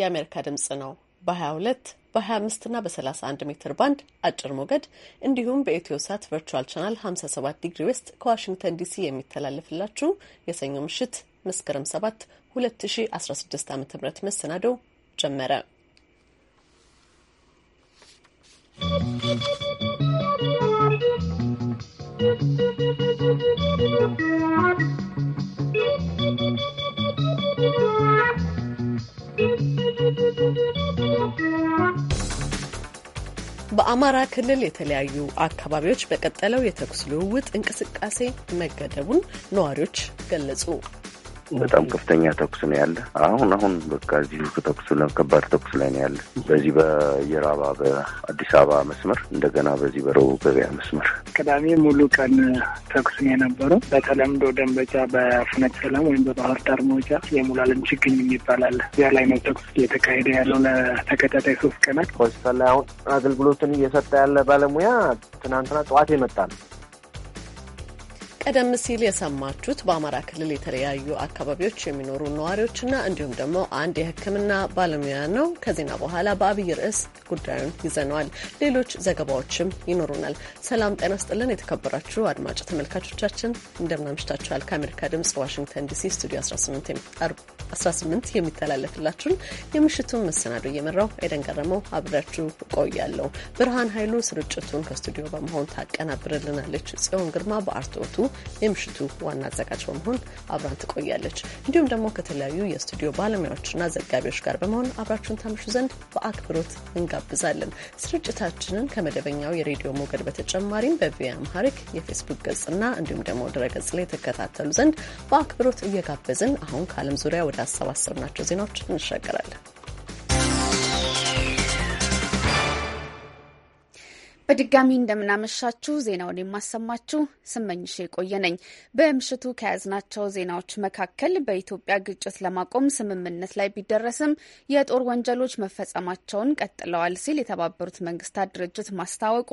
የአሜሪካ ድምጽ ነው። በ22 በ25 እና በ31 ሜትር ባንድ አጭር ሞገድ እንዲሁም በኢትዮ ቨርቹዋል ቻናል 57 ዲግሪ ዌስት ከዋሽንግተን ዲሲ የሚተላለፍላችሁ የሰኞ ምሽት መስከረም 7 2016 ዓ ም መሰናዶው ጀመረ። ¶¶ በአማራ ክልል የተለያዩ አካባቢዎች በቀጠለው የተኩስ ልውውጥ እንቅስቃሴ መገደቡን ነዋሪዎች ገለጹ። በጣም ከፍተኛ ተኩስ ነው ያለ። አሁን አሁን በቃ እዚሁ ተኩስ ከባድ ተኩስ ላይ ነው ያለ። በዚህ በየራባ በአዲስ አበባ መስመር እንደገና በዚህ በረቡዕ ገበያ መስመር ቅዳሜ ሙሉ ቀን ተኩስ ነው የነበረው። በተለምዶ ደንበጫ በፍነት ሰላም ወይም በባህር ዳር መውጫ የሙላለም ችግኝ የሚባል እዚያ ላይ ነው ተኩስ እየተካሄደ ያለው ለተከታታይ ሶስት ቀናት ሆስፒታል ላይ አሁን አገልግሎትን እየሰጠ ያለ ባለሙያ ትናንትና ጠዋት ይመጣል ቀደም ሲል የሰማችሁት በአማራ ክልል የተለያዩ አካባቢዎች የሚኖሩ ነዋሪዎችና እንዲሁም ደግሞ አንድ የሕክምና ባለሙያ ነው። ከዜና በኋላ በአብይ ርዕስ ጉዳዩን ይዘነዋል። ሌሎች ዘገባዎችም ይኖሩናል። ሰላም ጤና ስጥልን። የተከበራችሁ አድማጭ ተመልካቾቻችን እንደምናምሽታችኋል። ከአሜሪካ ድምጽ ዋሽንግተን ዲሲ ስቱዲዮ 18 የሚተላለፍላችሁን የምሽቱን መሰናዶ እየመራው ኤደን ገረመው አብሬያችሁ እቆያለሁ። ብርሃን ኃይሉ ስርጭቱን ከስቱዲዮ በመሆን ታቀናብርልናለች። ጽዮን ግርማ በአርትዖቱ የምሽቱ ዋና አዘጋጅ በመሆን አብራን ትቆያለች። እንዲሁም ደግሞ ከተለያዩ የስቱዲዮ ባለሙያዎችና ዘጋቢዎች ጋር በመሆን አብራችሁን ታምሹ ዘንድ በአክብሮት እንጋብዛለን። ስርጭታችንን ከመደበኛው የሬዲዮ ሞገድ በተጨማሪም በቪኦኤ አምሃሪክ የፌስቡክ ገጽና እንዲሁም ደግሞ ድረገጽ ላይ የተከታተሉ ዘንድ በአክብሮት እየጋበዝን አሁን ከዓለም ዙሪያ ወደ አሰባሰብናቸው ዜናዎች እንሻገራለን። በድጋሚ እንደምናመሻችሁ ዜናውን የማሰማችሁ ስመኝሽ የቆየ ነኝ። በምሽቱ ከያዝናቸው ዜናዎች መካከል በኢትዮጵያ ግጭት ለማቆም ስምምነት ላይ ቢደረስም የጦር ወንጀሎች መፈጸማቸውን ቀጥለዋል ሲል የተባበሩት መንግስታት ድርጅት ማስታወቁ፣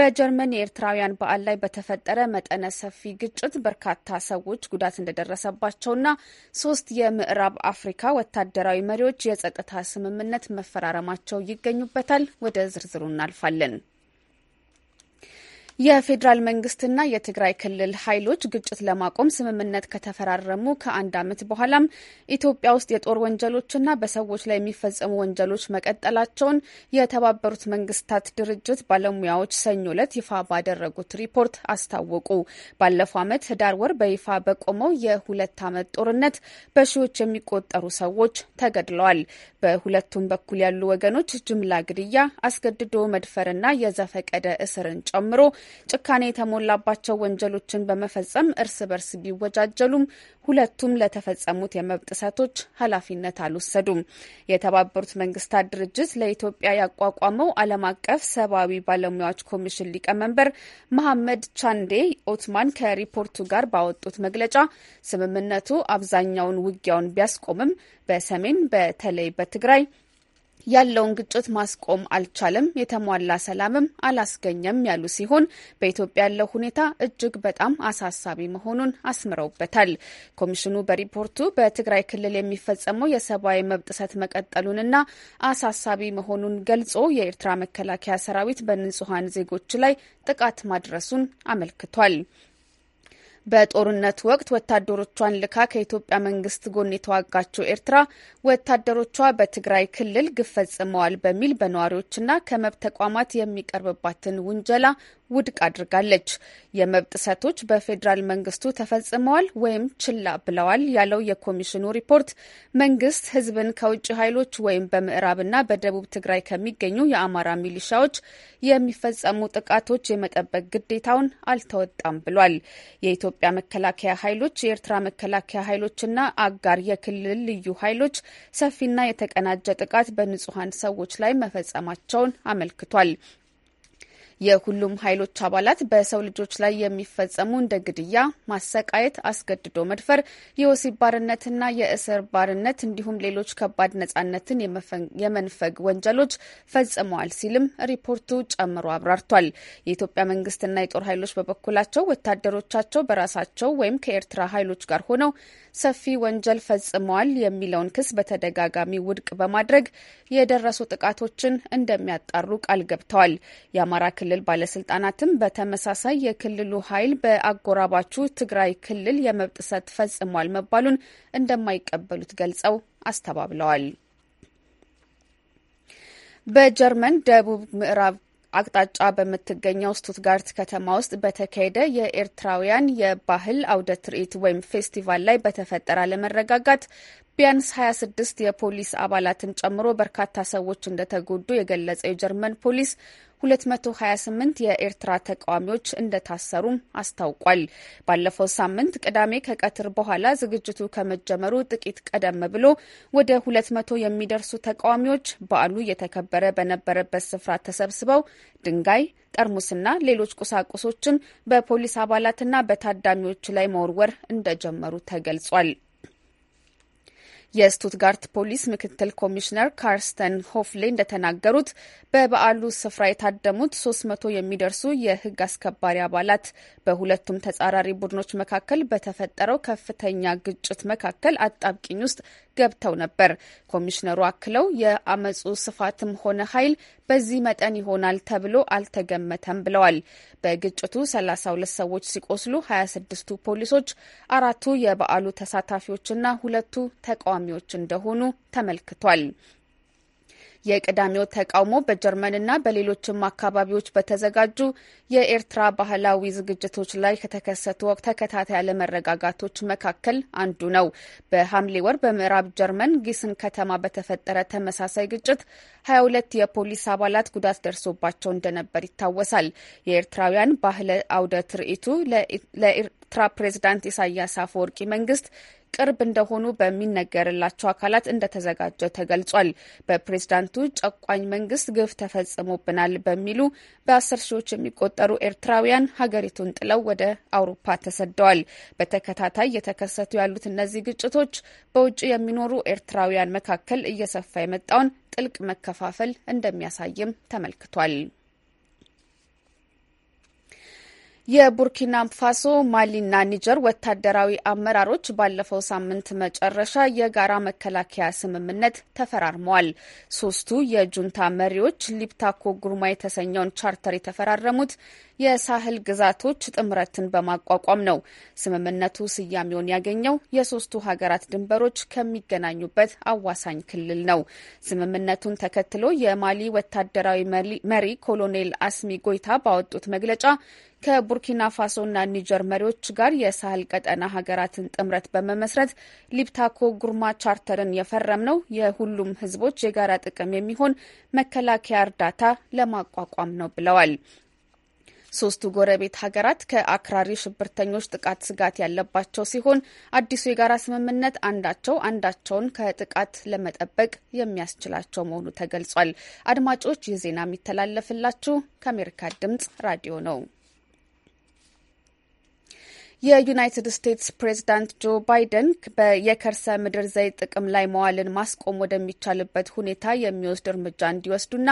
በጀርመን የኤርትራውያን በዓል ላይ በተፈጠረ መጠነ ሰፊ ግጭት በርካታ ሰዎች ጉዳት እንደደረሰባቸውና ሶስት የምዕራብ አፍሪካ ወታደራዊ መሪዎች የጸጥታ ስምምነት መፈራረማቸው ይገኙበታል። ወደ ዝርዝሩ እናልፋለን። የፌዴራል መንግስትና የትግራይ ክልል ኃይሎች ግጭት ለማቆም ስምምነት ከተፈራረሙ ከአንድ ዓመት በኋላም ኢትዮጵያ ውስጥ የጦር ወንጀሎችና በሰዎች ላይ የሚፈጸሙ ወንጀሎች መቀጠላቸውን የተባበሩት መንግስታት ድርጅት ባለሙያዎች ሰኞ ዕለት ይፋ ባደረጉት ሪፖርት አስታወቁ። ባለፈው ዓመት ህዳር ወር በይፋ በቆመው የሁለት ዓመት ጦርነት በሺዎች የሚቆጠሩ ሰዎች ተገድለዋል። በሁለቱም በኩል ያሉ ወገኖች ጅምላ ግድያ፣ አስገድዶ መድፈርና የዘፈቀደ እስርን ጨምሮ ጭካኔ የተሞላባቸው ወንጀሎችን በመፈጸም እርስ በርስ ቢወጃጀሉም ሁለቱም ለተፈጸሙት የመብት ጥሰቶች ኃላፊነት አልወሰዱም። የተባበሩት መንግስታት ድርጅት ለኢትዮጵያ ያቋቋመው ዓለም አቀፍ ሰብአዊ ባለሙያዎች ኮሚሽን ሊቀመንበር መሐመድ ቻንዴ ኦትማን ከሪፖርቱ ጋር ባወጡት መግለጫ ስምምነቱ አብዛኛውን ውጊያውን ቢያስቆምም በሰሜን በተለይ በትግራይ ያለውን ግጭት ማስቆም አልቻለም፣ የተሟላ ሰላምም አላስገኘም ያሉ ሲሆን በኢትዮጵያ ያለው ሁኔታ እጅግ በጣም አሳሳቢ መሆኑን አስምረውበታል። ኮሚሽኑ በሪፖርቱ በትግራይ ክልል የሚፈጸመው የሰብአዊ መብት ጥሰት መቀጠሉንና አሳሳቢ መሆኑን ገልጾ የኤርትራ መከላከያ ሰራዊት በንጹሐን ዜጎች ላይ ጥቃት ማድረሱን አመልክቷል። በጦርነት ወቅት ወታደሮቿን ልካ ከኢትዮጵያ መንግስት ጎን የተዋጋችው ኤርትራ ወታደሮቿ በትግራይ ክልል ግፍ ፈጽመዋል በሚል በነዋሪዎችና ከመብት ተቋማት የሚቀርብባትን ውንጀላ ውድቅ አድርጋለች። የመብት ጥሰቶች በፌዴራል መንግስቱ ተፈጽመዋል ወይም ችላ ብለዋል ያለው የኮሚሽኑ ሪፖርት መንግስት ህዝብን ከውጭ ኃይሎች ወይም በምዕራብና በደቡብ ትግራይ ከሚገኙ የአማራ ሚሊሻዎች የሚፈጸሙ ጥቃቶች የመጠበቅ ግዴታውን አልተወጣም ብሏል። የኢትዮጵያ መከላከያ ኃይሎች፣ የኤርትራ መከላከያ ኃይሎችና አጋር የክልል ልዩ ኃይሎች ሰፊና የተቀናጀ ጥቃት በንጹሐን ሰዎች ላይ መፈጸማቸውን አመልክቷል። የሁሉም ኃይሎች አባላት በሰው ልጆች ላይ የሚፈጸሙ እንደ ግድያ፣ ማሰቃየት፣ አስገድዶ መድፈር፣ የወሲብ ባርነትና የእስር ባርነት እንዲሁም ሌሎች ከባድ ነጻነትን የመንፈግ ወንጀሎች ፈጽመዋል ሲልም ሪፖርቱ ጨምሮ አብራርቷል። የኢትዮጵያ መንግስትና የጦር ኃይሎች በበኩላቸው ወታደሮቻቸው በራሳቸው ወይም ከኤርትራ ኃይሎች ጋር ሆነው ሰፊ ወንጀል ፈጽመዋል የሚለውን ክስ በተደጋጋሚ ውድቅ በማድረግ የደረሱ ጥቃቶችን እንደሚያጣሩ ቃል ገብተዋል። የአማራ ክልል ክልል ባለስልጣናትም በተመሳሳይ የክልሉ ኃይል በአጎራባቹ ትግራይ ክልል የመብት ጥሰት ፈጽሟል መባሉን እንደማይቀበሉት ገልጸው አስተባብለዋል። በጀርመን ደቡብ ምዕራብ አቅጣጫ በምትገኘው ስቱትጋርት ከተማ ውስጥ በተካሄደ የኤርትራውያን የባህል አውደ ትርኢት ወይም ፌስቲቫል ላይ በተፈጠረ አለመረጋጋት ቢያንስ 26 የፖሊስ አባላትን ጨምሮ በርካታ ሰዎች እንደተጎዱ የገለጸው የጀርመን ፖሊስ 228 የኤርትራ ተቃዋሚዎች እንደታሰሩም አስታውቋል። ባለፈው ሳምንት ቅዳሜ ከቀትር በኋላ ዝግጅቱ ከመጀመሩ ጥቂት ቀደም ብሎ ወደ 200 የሚደርሱ ተቃዋሚዎች በዓሉ እየተከበረ በነበረበት ስፍራ ተሰብስበው ድንጋይ፣ ጠርሙስና ሌሎች ቁሳቁሶችን በፖሊስ አባላትና በታዳሚዎች ላይ መወርወር እንደጀመሩ ተገልጿል። የስቱትጋርት ፖሊስ ምክትል ኮሚሽነር ካርስተን ሆፍሌ እንደተናገሩት በበዓሉ ስፍራ የታደሙት 3 መቶ የሚደርሱ የህግ አስከባሪ አባላት በሁለቱም ተጻራሪ ቡድኖች መካከል በተፈጠረው ከፍተኛ ግጭት መካከል አጣብቂኝ ውስጥ ገብተው ነበር። ኮሚሽነሩ አክለው የአመፁ ስፋትም ሆነ ኃይል በዚህ መጠን ይሆናል ተብሎ አልተገመተም ብለዋል። በግጭቱ 32 ሰዎች ሲቆስሉ 26ቱ ፖሊሶች፣ አራቱ የበዓሉ ተሳታፊዎችና ሁለቱ ተቃዋሚ ተቃዋሚዎች እንደሆኑ ተመልክቷል። የቅዳሜው ተቃውሞ በጀርመንና በሌሎችም አካባቢዎች በተዘጋጁ የኤርትራ ባህላዊ ዝግጅቶች ላይ ከተከሰቱ ተከታታይ አለመረጋጋቶች መካከል አንዱ ነው። በሐምሌ ወር በምዕራብ ጀርመን ጊስን ከተማ በተፈጠረ ተመሳሳይ ግጭት ሀያ ሁለት የፖሊስ አባላት ጉዳት ደርሶባቸው እንደነበር ይታወሳል። የኤርትራውያን ባህለ አውደ ትርኢቱ ለኤርትራ ፕሬዚዳንት ኢሳያስ አፈወርቂ መንግስት ቅርብ እንደሆኑ በሚነገርላቸው አካላት እንደተዘጋጀ ተገልጿል። በፕሬዝዳንቱ ጨቋኝ መንግስት ግፍ ተፈጽሞብናል በሚሉ በአስር ሺዎች የሚቆጠሩ ኤርትራውያን ሀገሪቱን ጥለው ወደ አውሮፓ ተሰደዋል። በተከታታይ እየተከሰቱ ያሉት እነዚህ ግጭቶች በውጭ የሚኖሩ ኤርትራውያን መካከል እየሰፋ የመጣውን ጥልቅ መከፋፈል እንደሚያሳይም ተመልክቷል። የቡርኪና ፋሶ ማሊና ኒጀር ወታደራዊ አመራሮች ባለፈው ሳምንት መጨረሻ የጋራ መከላከያ ስምምነት ተፈራርመዋል። ሶስቱ የጁንታ መሪዎች ሊፕታኮ ጉርማ የተሰኘውን ቻርተር የተፈራረሙት የሳህል ግዛቶች ጥምረትን በማቋቋም ነው። ስምምነቱ ስያሜውን ያገኘው የሶስቱ ሀገራት ድንበሮች ከሚገናኙበት አዋሳኝ ክልል ነው። ስምምነቱን ተከትሎ የማሊ ወታደራዊ መሪ ኮሎኔል አስሚ ጎይታ ባወጡት መግለጫ ከቡርኪና ፋሶና ኒጀር መሪዎች ጋር የሳህል ቀጠና ሀገራትን ጥምረት በመመስረት ሊፕታኮ ጉርማ ቻርተርን የፈረም ነው የሁሉም ህዝቦች የጋራ ጥቅም የሚሆን መከላከያ እርዳታ ለማቋቋም ነው ብለዋል። ሶስቱ ጎረቤት ሀገራት ከአክራሪ ሽብርተኞች ጥቃት ስጋት ያለባቸው ሲሆን አዲሱ የጋራ ስምምነት አንዳቸው አንዳቸውን ከጥቃት ለመጠበቅ የሚያስችላቸው መሆኑ ተገልጿል። አድማጮች፣ ይህ ዜና የሚተላለፍላችሁ ከአሜሪካ ድምጽ ራዲዮ ነው። የዩናይትድ ስቴትስ ፕሬዝዳንት ጆ ባይደን የከርሰ ምድር ዘይት ጥቅም ላይ መዋልን ማስቆም ወደሚቻልበት ሁኔታ የሚወስድ እርምጃ እንዲወስዱና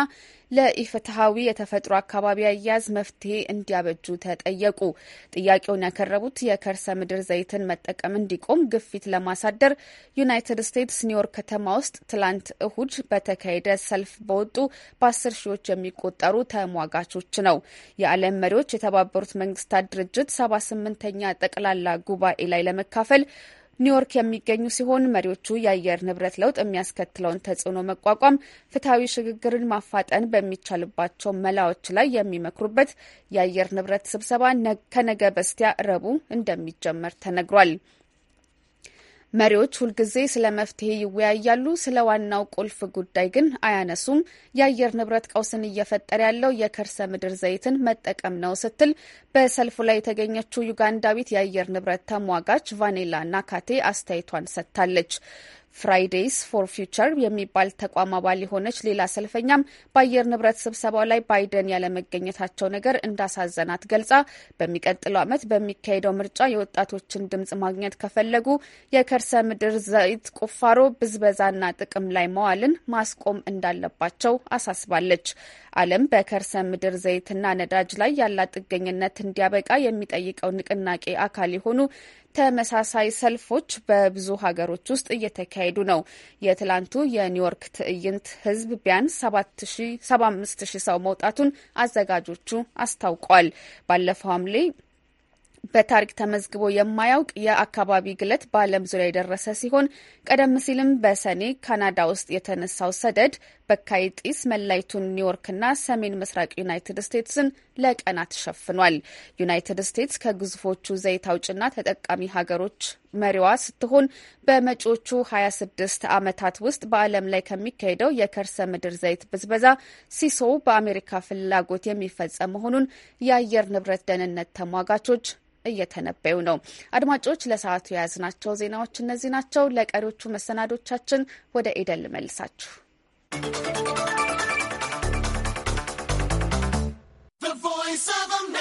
ለኢፍትሐዊ የተፈጥሮ አካባቢ አያያዝ መፍትሄ እንዲያበጁ ተጠየቁ። ጥያቄውን ያቀረቡት የከርሰ ምድር ዘይትን መጠቀም እንዲቆም ግፊት ለማሳደር ዩናይትድ ስቴትስ ኒውዮርክ ከተማ ውስጥ ትላንት እሁድ በተካሄደ ሰልፍ በወጡ በአስር ሺዎች የሚቆጠሩ ተሟጋቾች ነው። የዓለም መሪዎች የተባበሩት መንግስታት ድርጅት ሰባ ስምንተኛ ጠቅላላ ጉባኤ ላይ ለመካፈል ኒውዮርክ የሚገኙ ሲሆን መሪዎቹ የአየር ንብረት ለውጥ የሚያስከትለውን ተጽዕኖ መቋቋም፣ ፍትሐዊ ሽግግርን ማፋጠን በሚቻልባቸው መላዎች ላይ የሚመክሩበት የአየር ንብረት ስብሰባ ከነገ በስቲያ ረቡዕ እንደሚጀመር ተነግሯል። መሪዎች ሁልጊዜ ስለ መፍትሄ ይወያያሉ፣ ስለ ዋናው ቁልፍ ጉዳይ ግን አያነሱም። የአየር ንብረት ቀውስን እየፈጠረ ያለው የከርሰ ምድር ዘይትን መጠቀም ነው ስትል በሰልፉ ላይ የተገኘችው ዩጋንዳዊት የአየር ንብረት ተሟጋች ቫኔላ ናካቴ አስተያየቷን ሰጥታለች። ፍራይዴይስ ፎር ፊውቸር የሚባል ተቋም አባል የሆነች ሌላ ሰልፈኛም በአየር ንብረት ስብሰባው ላይ ባይደን ያለመገኘታቸው ነገር እንዳሳዘናት ገልጻ በሚቀጥለው ዓመት በሚካሄደው ምርጫ የወጣቶችን ድምጽ ማግኘት ከፈለጉ የከርሰ ምድር ዘይት ቁፋሮ፣ ብዝበዛና ጥቅም ላይ መዋልን ማስቆም እንዳለባቸው አሳስባለች። ዓለም በከርሰ ምድር ዘይትና ነዳጅ ላይ ያላት ጥገኝነት እንዲያበቃ የሚጠይቀው ንቅናቄ አካል የሆኑ ተመሳሳይ ሰልፎች በብዙ ሀገሮች ውስጥ እየተካሄዱ ነው። የትላንቱ የኒውዮርክ ትዕይንት ህዝብ ቢያንስ 75000 ሰው መውጣቱን አዘጋጆቹ አስታውቋል። ባለፈው ሐምሌ በታሪክ ተመዝግቦ የማያውቅ የአካባቢ ግለት በዓለም ዙሪያ የደረሰ ሲሆን ቀደም ሲልም በሰኔ ካናዳ ውስጥ የተነሳው ሰደድ በካይ ጢስ መላይቱን ኒውዮርክና ሰሜን ምስራቅ ዩናይትድ ስቴትስን ለቀናት ሸፍኗል። ዩናይትድ ስቴትስ ከግዙፎቹ ዘይት አውጭና ተጠቃሚ ሀገሮች መሪዋ ስትሆን በመጪዎቹ 26 ዓመታት ውስጥ በዓለም ላይ ከሚካሄደው የከርሰ ምድር ዘይት ብዝበዛ ሲሶው በአሜሪካ ፍላጎት የሚፈጸም መሆኑን የአየር ንብረት ደህንነት ተሟጋቾች እየተነበዩ ነው። አድማጮች ለሰዓቱ የያዝናቸው ዜናዎች እነዚህ ናቸው። ለቀሪዎቹ መሰናዶቻችን ወደ ኤደን ልመልሳችሁ። The voice of a man.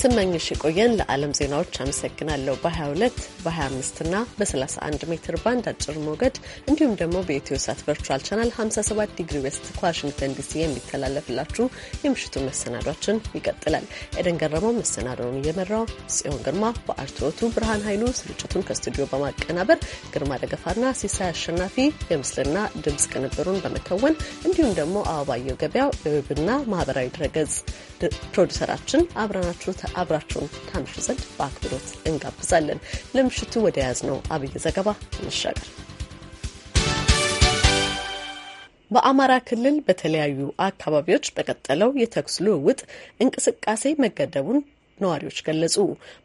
ስመኝሽ የቆየን ለዓለም ዜናዎች አመሰግናለሁ። በ22 በ25 እና በ31 ሜትር ባንድ አጭር ሞገድ እንዲሁም ደግሞ በኢትዮ ሳት ቨርቹዋል ቻናል 57 ዲግሪ ዌስት ከዋሽንግተን ዲሲ የሚተላለፍላችሁ የምሽቱ መሰናዷችን ይቀጥላል። ኤደን ገረመው መሰናዶውን እየመራው፣ ጽዮን ግርማ በአርትዖቱ ብርሃን ኃይሉ ስርጭቱን ከስቱዲዮ በማቀናበር ግርማ ደገፋና ሲሳይ አሸናፊ የምስልና ድምፅ ቅንብሩን በመከወን እንዲሁም ደግሞ አበባየው ገበያው ዌብና ማህበራዊ ድረገጽ ፕሮዲሰራችን አብረናችሁ አብራችሁን ታምሹ ዘንድ በአክብሮት እንጋብዛለን። ለምሽቱ ወደ ያዝነው አብይ ዘገባ እንሻገር። በአማራ ክልል በተለያዩ አካባቢዎች በቀጠለው የተኩስ ልውውጥ እንቅስቃሴ መገደቡን ነዋሪዎች ገለጹ።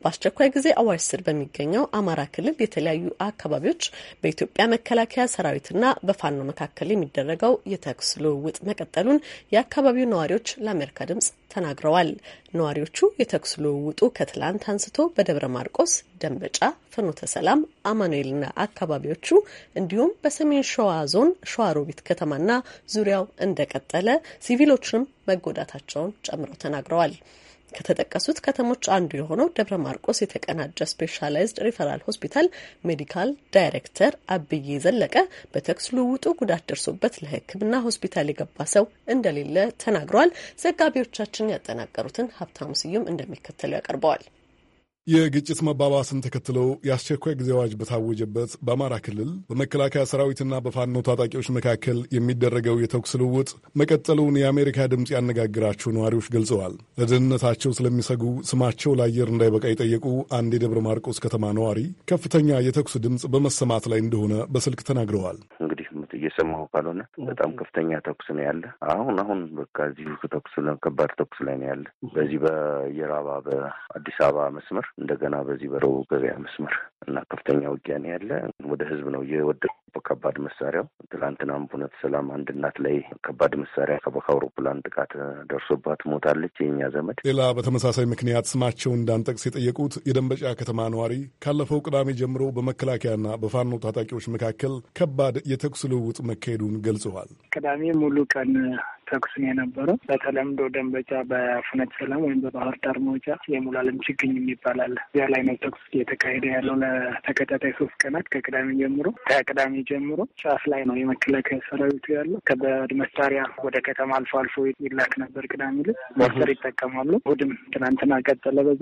በአስቸኳይ ጊዜ አዋጅ ስር በሚገኘው አማራ ክልል የተለያዩ አካባቢዎች በኢትዮጵያ መከላከያ ሰራዊትና በፋኖ መካከል የሚደረገው የተኩስ ልውውጥ መቀጠሉን የአካባቢው ነዋሪዎች ለአሜሪካ ድምጽ ተናግረዋል። ነዋሪዎቹ የተኩስ ልውውጡ ከትላንት አንስቶ በደብረ ማርቆስ፣ ደንበጫ፣ ፍኖተ ሰላም፣ አማኑኤልና አካባቢዎቹ እንዲሁም በሰሜን ሸዋ ዞን ሸዋሮቢት ከተማና ዙሪያው እንደቀጠለ ሲቪሎችንም መጎዳታቸውን ጨምረው ተናግረዋል። ከተጠቀሱት ከተሞች አንዱ የሆነው ደብረ ማርቆስ የተቀናጀ ስፔሻላይዝድ ሪፈራል ሆስፒታል ሜዲካል ዳይሬክተር አብዬ ዘለቀ በተኩስ ልውውጡ ጉዳት ደርሶበት ለሕክምና ሆስፒታል የገባ ሰው እንደሌለ ተናግረዋል። ዘጋቢዎቻችን ያጠናቀሩትን ሀብታሙ ስዩም እንደሚከተሉ ያቀርበዋል። የግጭት መባባስን ተከትለው የአስቸኳይ ጊዜ አዋጅ በታወጀበት በአማራ ክልል በመከላከያ ሰራዊትና በፋኖ ታጣቂዎች መካከል የሚደረገው የተኩስ ልውውጥ መቀጠሉን የአሜሪካ ድምፅ ያነጋግራቸው ነዋሪዎች ገልጸዋል። ለደህንነታቸው ስለሚሰጉ ስማቸው ለአየር እንዳይበቃ የጠየቁ አንድ የደብረ ማርቆስ ከተማ ነዋሪ ከፍተኛ የተኩስ ድምፅ በመሰማት ላይ እንደሆነ በስልክ ተናግረዋል። እንግዲህ እየሰማሁ ካልሆነ በጣም ከፍተኛ ተኩስ ነው ያለ። አሁን አሁን በቃ እዚሁ ተኩስ ከባድ ተኩስ ላይ ነው ያለ። በዚህ በየራባ በአዲስ አበባ መስመር እንደገና በዚህ በረቡ ገበያ መስመር እና ከፍተኛ ውጊያ ነው ያለ። ወደ ህዝብ ነው እየወደ ከባድ መሳሪያው ትላንትናም ሁነት ሰላም አንድ እናት ላይ ከባድ መሳሪያ ከአውሮፕላን ጥቃት ደርሶባት ሞታለች። የኛ ዘመድ ሌላ በተመሳሳይ ምክንያት ስማቸው እንዳንጠቅስ የጠየቁት የደንበጫ ከተማ ነዋሪ ካለፈው ቅዳሜ ጀምሮ በመከላከያና በፋኖ ታጣቂዎች መካከል ከባድ የተኩስ ልውውጥ መካሄዱን ገልጸዋል። ቅዳሜ ሙሉ ቀን ተኩስ ነው የነበረው። በተለምዶ ደንበጫ በፍኖተ ሰላም ወይም በባህር ዳር መውጫ የሙላለም ችግኝ የሚባል አለ። እዚያ ላይ ነው ተኩስ እየተካሄደ ያለው ለተከታታይ ሶስት ቀናት ከቅዳሜ ጀምሮ ከቅዳሜ ጀምሮ ጫፍ ላይ ነው የመከላከያ ሰራዊቱ ያለው። ከበድ መሳሪያ ወደ ከተማ አልፎ አልፎ ይላክ ነበር። ቅዳሜ ዕለት ሞርተር ይጠቀማሉ። እሑድም ትናንትና ቀጠለ። በዛ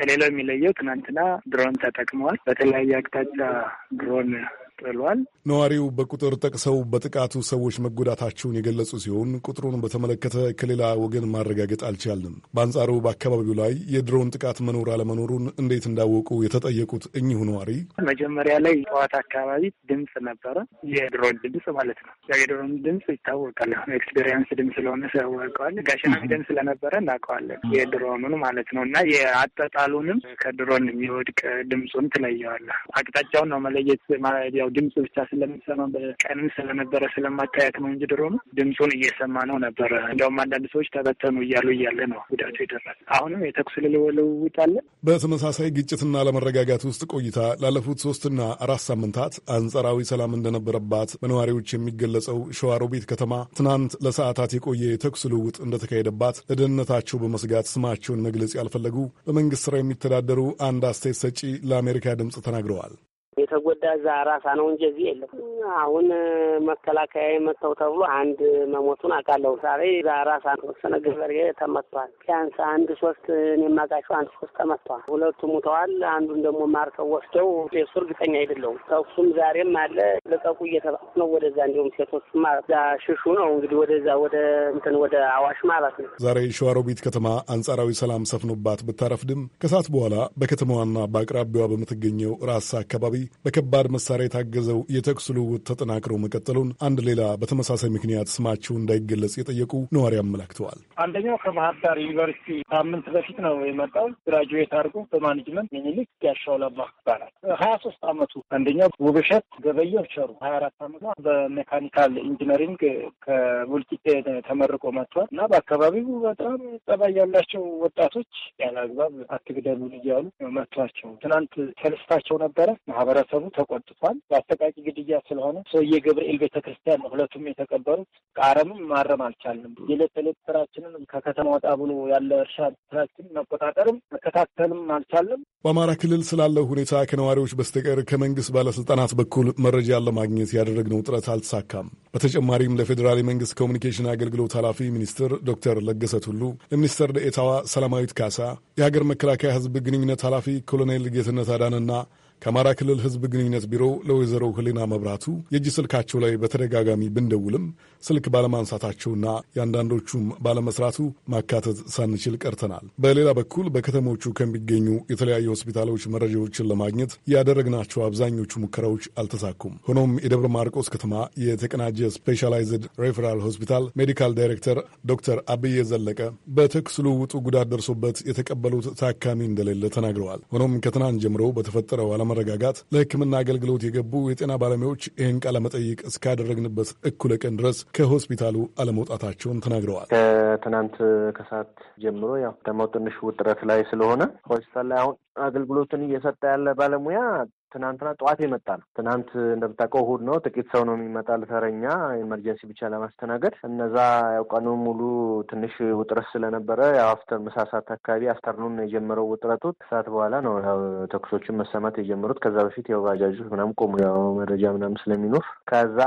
ከሌላው የሚለየው ትናንትና ድሮን ተጠቅመዋል። በተለያየ አቅጣጫ ድሮን ቀጥሏል። ነዋሪው በቁጥር ጠቅሰው በጥቃቱ ሰዎች መጎዳታቸውን የገለጹ ሲሆን ቁጥሩን በተመለከተ ከሌላ ወገን ማረጋገጥ አልቻልንም። በአንጻሩ በአካባቢው ላይ የድሮን ጥቃት መኖር አለመኖሩን እንዴት እንዳወቁ የተጠየቁት እኚሁ ነዋሪ መጀመሪያ ላይ ጠዋት አካባቢ ድምፅ ነበረ፣ የድሮን ድምፅ ማለት ነው። የድሮን ድምፅ ይታወቃል። ኤክስፔሪንስ ድምፅ ስለሆነ ሰዋቀዋል። ጋሸና ደን ስለነበረ እናውቀዋለን፣ የድሮኑን ማለት ነው እና የአጠጣሉንም ከድሮን የሚወድቅ ድምፁን ትለየዋለ። አቅጣጫውን ነው መለየት ያው ድምፅ ብቻ ስለምሰማ በቀንም ስለነበረ ስለማታያት ነው እንጂ ድሮ ነው ድምፁን እየሰማ ነው ነበረ። እንዲያውም አንዳንድ ሰዎች ተበተኑ እያሉ እያለ ነው ጉዳቱ የደረሰ። አሁንም የተኩስ ልውውጥ አለ። በተመሳሳይ ግጭትና ለመረጋጋት ውስጥ ቆይታ ላለፉት ሶስትና አራት ሳምንታት አንጸራዊ ሰላም እንደነበረባት በነዋሪዎች የሚገለጸው ሸዋሮቢት ከተማ ትናንት ለሰዓታት የቆየ የተኩስ ልውውጥ እንደተካሄደባት ለደህንነታቸው በመስጋት ስማቸውን መግለጽ ያልፈለጉ በመንግስት ስራ የሚተዳደሩ አንድ አስተያየት ሰጪ ለአሜሪካ ድምፅ ተናግረዋል። የተጎዳ እዛ ራሳ ነው እንጂ እዚህ የለም። አሁን መከላከያ የመታው ተብሎ አንድ መሞቱን አውቃለሁ። ዛሬ እዛ ራሳ ወሰነ ገበሬ ተመቷል። ቢያንስ አንድ ሶስት የማውቃቸው አንድ ሶስት ተመቷል። ሁለቱ ሙተዋል። አንዱን ደግሞ ማርከው ወስደው ሴሱ እርግጠኛ አይደለሁም። ተኩሱም ዛሬም አለ። ልቀቁ እየተባሉ ነው ወደዛ። እንዲሁም ሴቶች ማለት ሽሹ ነው እንግዲህ ወደዛ ወደ እንትን ወደ አዋሽ ማለት ነው። ዛሬ ሸዋሮቢት ከተማ አንጻራዊ ሰላም ሰፍኖባት ብታረፍድም ከሰዓት በኋላ በከተማዋና በአቅራቢዋ በምትገኘው ራሳ አካባቢ በከባድ መሳሪያ የታገዘው የተኩስ ልውውጥ ተጠናክሮ መቀጠሉን አንድ ሌላ በተመሳሳይ ምክንያት ስማቸው እንዳይገለጽ የጠየቁ ነዋሪ አመላክተዋል። አንደኛው ከባህር ዳር ዩኒቨርሲቲ ሳምንት በፊት ነው የመጣው። ግራጁዌት አድርጎ በማኔጅመንት ሚኒሊክ ያሻው ለማ ይባላል። ሀያ ሶስት አመቱ አንደኛው ውብሸት ገበየው ቸሩ ሀያ አራት አመቱ በሜካኒካል ኢንጂነሪንግ ከቡልቲቴ ተመርቆ መጥቷል እና በአካባቢው በጣም ጸባይ ያላቸው ወጣቶች ያለ አግባብ አትግደሉን እያሉ መጥቷቸው ትናንት ተልስታቸው ነበረ። ማህበረሰቡ ተቆጥቷል። በአሰቃቂ ግድያ ስለሆነ ሰውዬ ገብርኤል ቤተክርስቲያን ነው ሁለቱም የተቀበሩት። ቃረምም ማረም አልቻልንም። የዕለት ተዕለት ስራችንም ከከተማ ወጣ ብሎ ያለ እርሻ ስራችን መቆጣጠርም መከታተልም አልቻልንም። በአማራ ክልል ስላለው ሁኔታ ከነዋሪዎች በስተቀር ከመንግስት ባለስልጣናት በኩል መረጃ ለማግኘት ያደረግነው ጥረት አልተሳካም። በተጨማሪም ለፌዴራል የመንግስት ኮሚኒኬሽን አገልግሎት ኃላፊ ሚኒስትር ዶክተር ለገሰ ቱሉ፣ ለሚኒስትር ደኤታዋ ሰላማዊት ካሳ፣ የሀገር መከላከያ ህዝብ ግንኙነት ኃላፊ ኮሎኔል ጌትነት አዳንና ከአማራ ክልል ህዝብ ግንኙነት ቢሮ ለወይዘሮ ህሊና መብራቱ የእጅ ስልካቸው ላይ በተደጋጋሚ ብንደውልም ስልክ ባለማንሳታቸውና የአንዳንዶቹም ባለመስራቱ ማካተት ሳንችል ቀርተናል። በሌላ በኩል በከተሞቹ ከሚገኙ የተለያዩ ሆስፒታሎች መረጃዎችን ለማግኘት ያደረግናቸው አብዛኞቹ ሙከራዎች አልተሳኩም። ሆኖም የደብረ ማርቆስ ከተማ የተቀናጀ ስፔሻላይዝድ ሬፈራል ሆስፒታል ሜዲካል ዳይሬክተር ዶክተር አብዬ ዘለቀ በተኩስ ልውውጡ ጉዳት ደርሶበት የተቀበሉት ታካሚ እንደሌለ ተናግረዋል። ሆኖም ከትናንት ጀምሮ በተፈጠረው አለመረጋጋት ለሕክምና አገልግሎት የገቡ የጤና ባለሙያዎች ይህን ቃለመጠይቅ እስካደረግንበት እኩለ ቀን ድረስ ከሆስፒታሉ አለመውጣታቸውን ተናግረዋል። ከትናንት ከሰዓት ጀምሮ ያው ደግሞ ትንሽ ውጥረት ላይ ስለሆነ ሆስፒታል ላይ አሁን አገልግሎትን እየሰጠ ያለ ባለሙያ ትናንትና ጠዋት የመጣ ነው። ትናንት እንደምታውቀው እሁድ ነው። ጥቂት ሰው ነው የሚመጣ ልተረኛ ኤመርጀንሲ ብቻ ለማስተናገድ እነዛ ያው ሙሉ ትንሽ ውጥረት ስለነበረ ያው አፍተር ምሳ ሰዓት አካባቢ አፍተርኑን የጀመረው ውጥረቱ ከሰዓት በኋላ ነው ያው ተኩሶችን መሰማት የጀመሩት። ከዛ በፊት ያው ባጃጆች ምናምን ቆሙ ያው መረጃ ምናምን ስለሚኖር ከዛ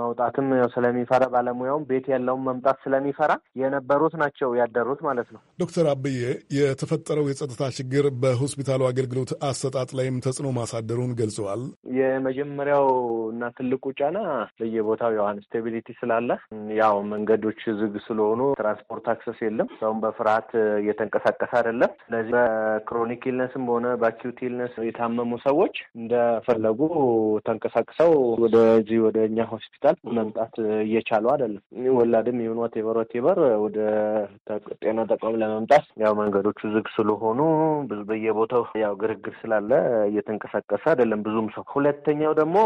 መውጣትም ያው ስለሚፈራ ባለሙያውም ቤት ያለውን መምጣት ስለሚፈራ የነበሩት ናቸው ያደሩት ማለት ነው። ዶክተር አብዬ የተፈጠረው የጸጥታ ችግር በሆስፒታሉ አገልግሎት አሰጣጥ ላይም ተጽዕኖ ማሳደሩን ገልጸዋል። የመጀመሪያው እና ትልቁ ጫና በየቦታው ያው አንስቴቢሊቲ ስላለ ያው መንገዶች ዝግ ስለሆኑ ትራንስፖርት አክሰስ የለም። ሰውም በፍርሃት እየተንቀሳቀሰ አይደለም። ስለዚህ በክሮኒክ ኢልነስም በሆነ በአኪዩት ኢልነስ የታመሙ ሰዎች እንደፈለጉ ተንቀሳቅሰው ወደዚህ ወደ እኛ ሆስፒታል መምጣት እየቻሉ አይደለም። ወላድም ይሁን ወቴቨር ወቴቨር ወደ ጤና ተቋም ለመምጣት ያው መንገዶቹ ዝግ ስለሆኑ ብዙ በየቦታው ያው ግርግር ስላለ እየተንቀሳ እየተንቀሳቀሰ አይደለም ብዙም ሰው። ሁለተኛው ደግሞ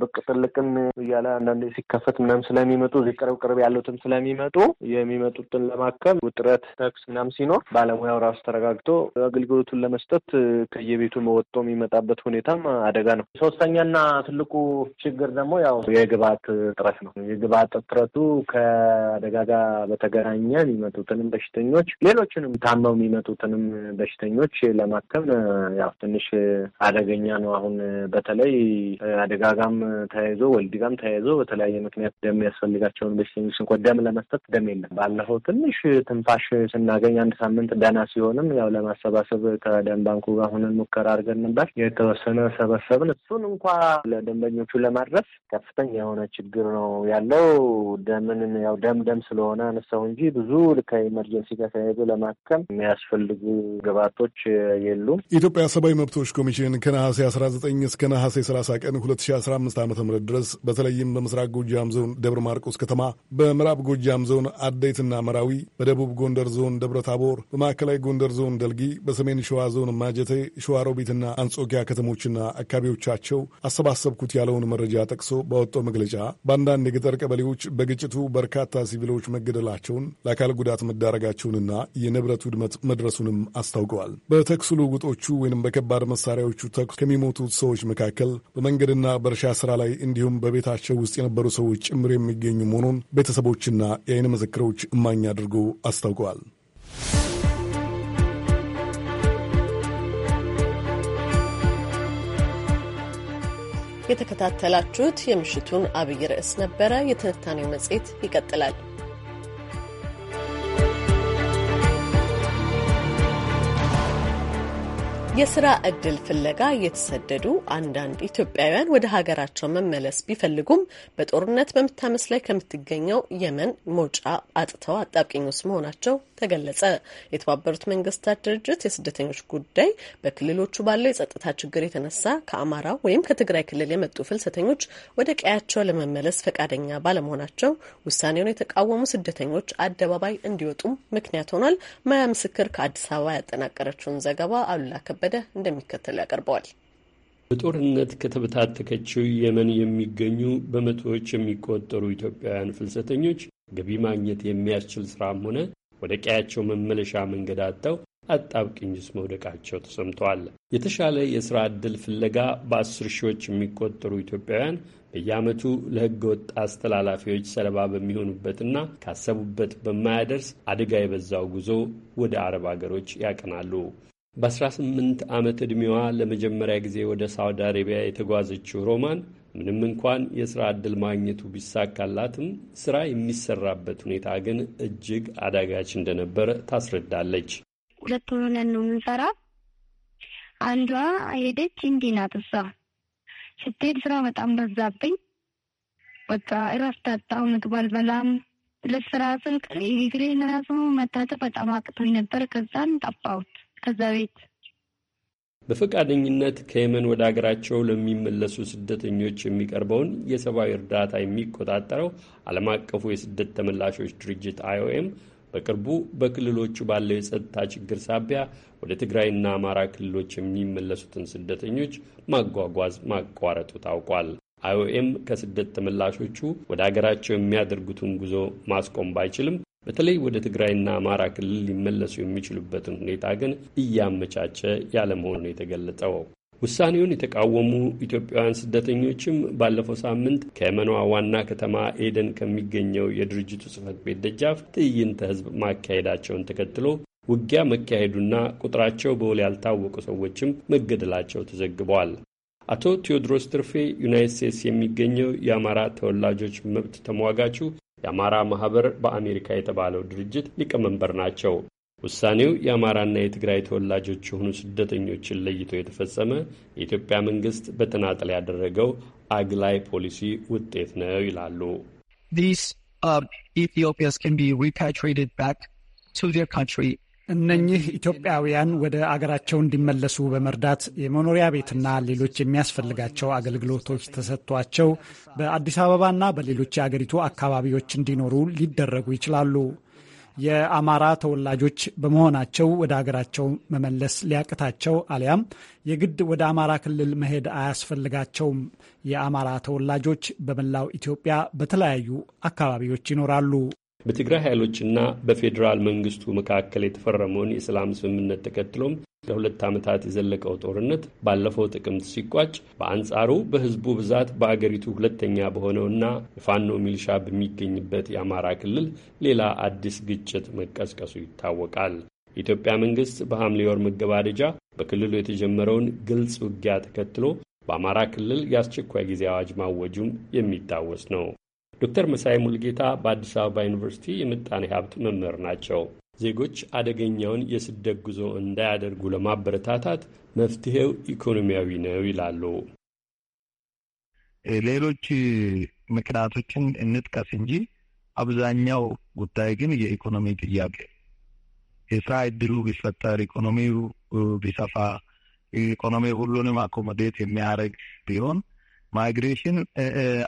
ብቅ ጥልቅን እያለ አንዳንዴ ሲከፈት ምናምን ስለሚመጡ እዚህ ቅርብ ቅርብ ያሉትም ስለሚመጡ የሚመጡትን ለማከም ውጥረት፣ ተኩስ ምናምን ሲኖር ባለሙያው ራሱ ተረጋግቶ አገልግሎቱን ለመስጠት ከየቤቱ መወጦ የሚመጣበት ሁኔታም አደጋ ነው። ሶስተኛና ትልቁ ችግር ደግሞ ያው የግብአት እጥረት ነው። የግባት እጥረቱ ከአደጋ ጋር በተገናኘ የሚመጡትንም በሽተኞች ሌሎችንም ታመው የሚመጡትንም በሽተኞች ለማከም ያው ትንሽ አደገኛ ነው። አሁን በተለይ አደጋ ጋም ተያይዞ ወልድ ጋም ተያይዞ በተለያየ ምክንያት ደም ያስፈልጋቸውን በሽተኞች እንኳ ደም ለመስጠት ደም የለም። ባለፈው ትንሽ ትንፋሽ ስናገኝ አንድ ሳምንት ደህና ሲሆንም ያው ለማሰባሰብ ከደም ባንኩ ጋር ሙከራ አድርገን ነበር። የተወሰነ ሰበሰብን። እሱን እንኳ ለደንበኞቹ ለማድረስ ከፍተኛ የሆነ ችግር ነው ያለው። ደምን ያው ደም ደም ስለሆነ አነሳው እንጂ ብዙ ልካ ጋር ተያይዞ ለማከም የሚያስፈልጉ ግብዓቶች የሉም። ኢትዮጵያ ሰብአዊ መብቶች ኮሚሽን ከነሐሴ 19 እስከ ነሐሴ 30 ቀን 2015 ዓ ም ድረስ በተለይም በምስራቅ ጎጃም ዞን ደብረ ማርቆስ ከተማ፣ በምዕራብ ጎጃም ዞን አደይትና መራዊ፣ በደቡብ ጎንደር ዞን ደብረ ታቦር፣ በማዕከላዊ ጎንደር ዞን ደልጊ፣ በሰሜን ሸዋ ዞን ማጀቴ፣ ሸዋሮቢትና አንጾኪያ ከተሞችና አካባቢዎቻቸው አሰባሰብኩት ያለውን መረጃ ጠቅሶ ባወጣው መግለጫ በአንዳንድ የገጠር ቀበሌዎች በግጭቱ በርካታ ሲቪሎች መገደላቸውን፣ ለአካል ጉዳት መዳረጋቸውንና የንብረት ውድመት መድረሱንም አስታውቀዋል። በተኩስ ልውውጦቹ ወይም በከባድ መሳሪያዎቹ ተኩስ ከሚሞቱት ሰዎች መካከል በመንገድና በእርሻ ስራ ላይ እንዲሁም በቤታቸው ውስጥ የነበሩ ሰዎች ጭምር የሚገኙ መሆኑን ቤተሰቦችና የአይን ምስክሮች እማኝ አድርጎ አስታውቀዋል። የተከታተላችሁት የምሽቱን አብይ ርዕስ ነበረ። የትንታኔው መጽሔት ይቀጥላል። የስራ እድል ፍለጋ የተሰደዱ አንዳንድ ኢትዮጵያውያን ወደ ሀገራቸው መመለስ ቢፈልጉም በጦርነት በምታመስ ላይ ከምትገኘው የመን መውጫ አጥተው አጣብቂኝ ውስጥ መሆናቸው ተገለጸ። የተባበሩት መንግስታት ድርጅት የስደተኞች ጉዳይ በክልሎቹ ባለው የጸጥታ ችግር የተነሳ ከአማራ ወይም ከትግራይ ክልል የመጡ ፍልሰተኞች ወደ ቀያቸው ለመመለስ ፈቃደኛ ባለመሆናቸው ውሳኔውን የተቃወሙ ስደተኞች አደባባይ እንዲወጡም ምክንያት ሆኗል። ማያ ምስክር ከአዲስ አበባ ያጠናቀረችውን ዘገባ አሉላ ከበደ እንደሚከተል ያቀርበዋል። በጦርነት ከተበታተከችው የመን የሚገኙ በመቶዎች የሚቆጠሩ ኢትዮጵያውያን ፍልሰተኞች ገቢ ማግኘት የሚያስችል ስራም ሆነ ወደ ቀያቸው መመለሻ መንገድ አጥተው አጣብ ውስጥ መውደቃቸው ተሰምተዋል። የተሻለ የሥራ ዕድል ፍለጋ በአስር ሺዎች የሚቆጠሩ ኢትዮጵያውያን በየዓመቱ ለሕገ ወጥ አስተላላፊዎች ሰለባ በሚሆኑበትና ካሰቡበት በማያደርስ አደጋ የበዛው ጉዞ ወደ አረብ አገሮች ያቀናሉ። በ18 ዓመት ዕድሜዋ ለመጀመሪያ ጊዜ ወደ ሳውዲ አረቢያ የተጓዘችው ሮማን ምንም እንኳን የሥራ ዕድል ማግኘቱ ቢሳካላትም ሥራ የሚሰራበት ሁኔታ ግን እጅግ አዳጋች እንደነበር ታስረዳለች። ሁለት ሆነን ነው የምንሰራ። አንዷ ሄደች እንዲህ ናት። እሷ ስትሄድ ስራ በጣም በዛብኝ። በቃ እረፍት አጣሁ። ምግብ አልበላም። ለስራ ስል እግሬን ራሱ መታጠብ በጣም አቅቶኝ ነበር። ከዛን ጠፋሁት። ከዛ ቤት በፈቃደኝነት ከየመን ወደ አገራቸው ለሚመለሱ ስደተኞች የሚቀርበውን የሰብአዊ እርዳታ የሚቆጣጠረው ዓለም አቀፉ የስደት ተመላሾች ድርጅት አይኦኤም በቅርቡ በክልሎቹ ባለው የጸጥታ ችግር ሳቢያ ወደ ትግራይና አማራ ክልሎች የሚመለሱትን ስደተኞች ማጓጓዝ ማቋረጡ ታውቋል። አይኦኤም ከስደት ተመላሾቹ ወደ አገራቸው የሚያደርጉትን ጉዞ ማስቆም ባይችልም በተለይ ወደ ትግራይና አማራ ክልል ሊመለሱ የሚችሉበትን ሁኔታ ግን እያመቻቸ ያለመሆኑ ነው የተገለጸው። ውሳኔውን የተቃወሙ ኢትዮጵያውያን ስደተኞችም ባለፈው ሳምንት ከየመኗ ዋና ከተማ ኤደን ከሚገኘው የድርጅቱ ጽፈት ቤት ደጃፍ ትዕይንተ ህዝብ ማካሄዳቸውን ተከትሎ ውጊያ መካሄዱና ቁጥራቸው በውል ያልታወቁ ሰዎችም መገደላቸው ተዘግበዋል። አቶ ቴዎድሮስ ትርፌ ዩናይት ስቴትስ የሚገኘው የአማራ ተወላጆች መብት ተሟጋቹ የአማራ ማህበር በአሜሪካ የተባለው ድርጅት ሊቀመንበር ናቸው። ውሳኔው የአማራና የትግራይ ተወላጆች የሆኑ ስደተኞችን ለይቶ የተፈጸመ የኢትዮጵያ መንግስት በተናጠል ያደረገው አግላይ ፖሊሲ ውጤት ነው ይላሉ። ኢትዮጵያንስ ካን ባክ ቱ ዜር ካንትሪ እነኚህ ኢትዮጵያውያን ወደ አገራቸው እንዲመለሱ በመርዳት የመኖሪያ ቤትና ሌሎች የሚያስፈልጋቸው አገልግሎቶች ተሰጥቷቸው በአዲስ አበባና በሌሎች የአገሪቱ አካባቢዎች እንዲኖሩ ሊደረጉ ይችላሉ። የአማራ ተወላጆች በመሆናቸው ወደ አገራቸው መመለስ ሊያቅታቸው አሊያም የግድ ወደ አማራ ክልል መሄድ አያስፈልጋቸውም። የአማራ ተወላጆች በመላው ኢትዮጵያ በተለያዩ አካባቢዎች ይኖራሉ። በትግራይ ኃይሎችና በፌዴራል መንግስቱ መካከል የተፈረመውን የሰላም ስምምነት ተከትሎም ለሁለት ዓመታት የዘለቀው ጦርነት ባለፈው ጥቅምት ሲቋጭ፣ በአንጻሩ በህዝቡ ብዛት በአገሪቱ ሁለተኛ በሆነውና የፋኖ ሚልሻ በሚገኝበት የአማራ ክልል ሌላ አዲስ ግጭት መቀስቀሱ ይታወቃል። የኢትዮጵያ መንግስት በሐምሌ ወር መገባደጃ በክልሉ የተጀመረውን ግልጽ ውጊያ ተከትሎ በአማራ ክልል የአስቸኳይ ጊዜ አዋጅ ማወጁም የሚታወስ ነው። ዶክተር መሳይ ሙልጌታ በአዲስ አበባ ዩኒቨርሲቲ የምጣኔ ሀብት መምህር ናቸው። ዜጎች አደገኛውን የስደት ጉዞ እንዳያደርጉ ለማበረታታት መፍትሄው ኢኮኖሚያዊ ነው ይላሉ። ሌሎች ምክንያቶችን እንጥቀስ እንጂ አብዛኛው ጉዳይ ግን የኢኮኖሚ ጥያቄ፣ የስራ እድሉ ቢፈጠር፣ ኢኮኖሚው ቢሰፋ፣ ኢኮኖሚ ሁሉንም አኮሞዴት የሚያደርግ ቢሆን ማይግሬሽን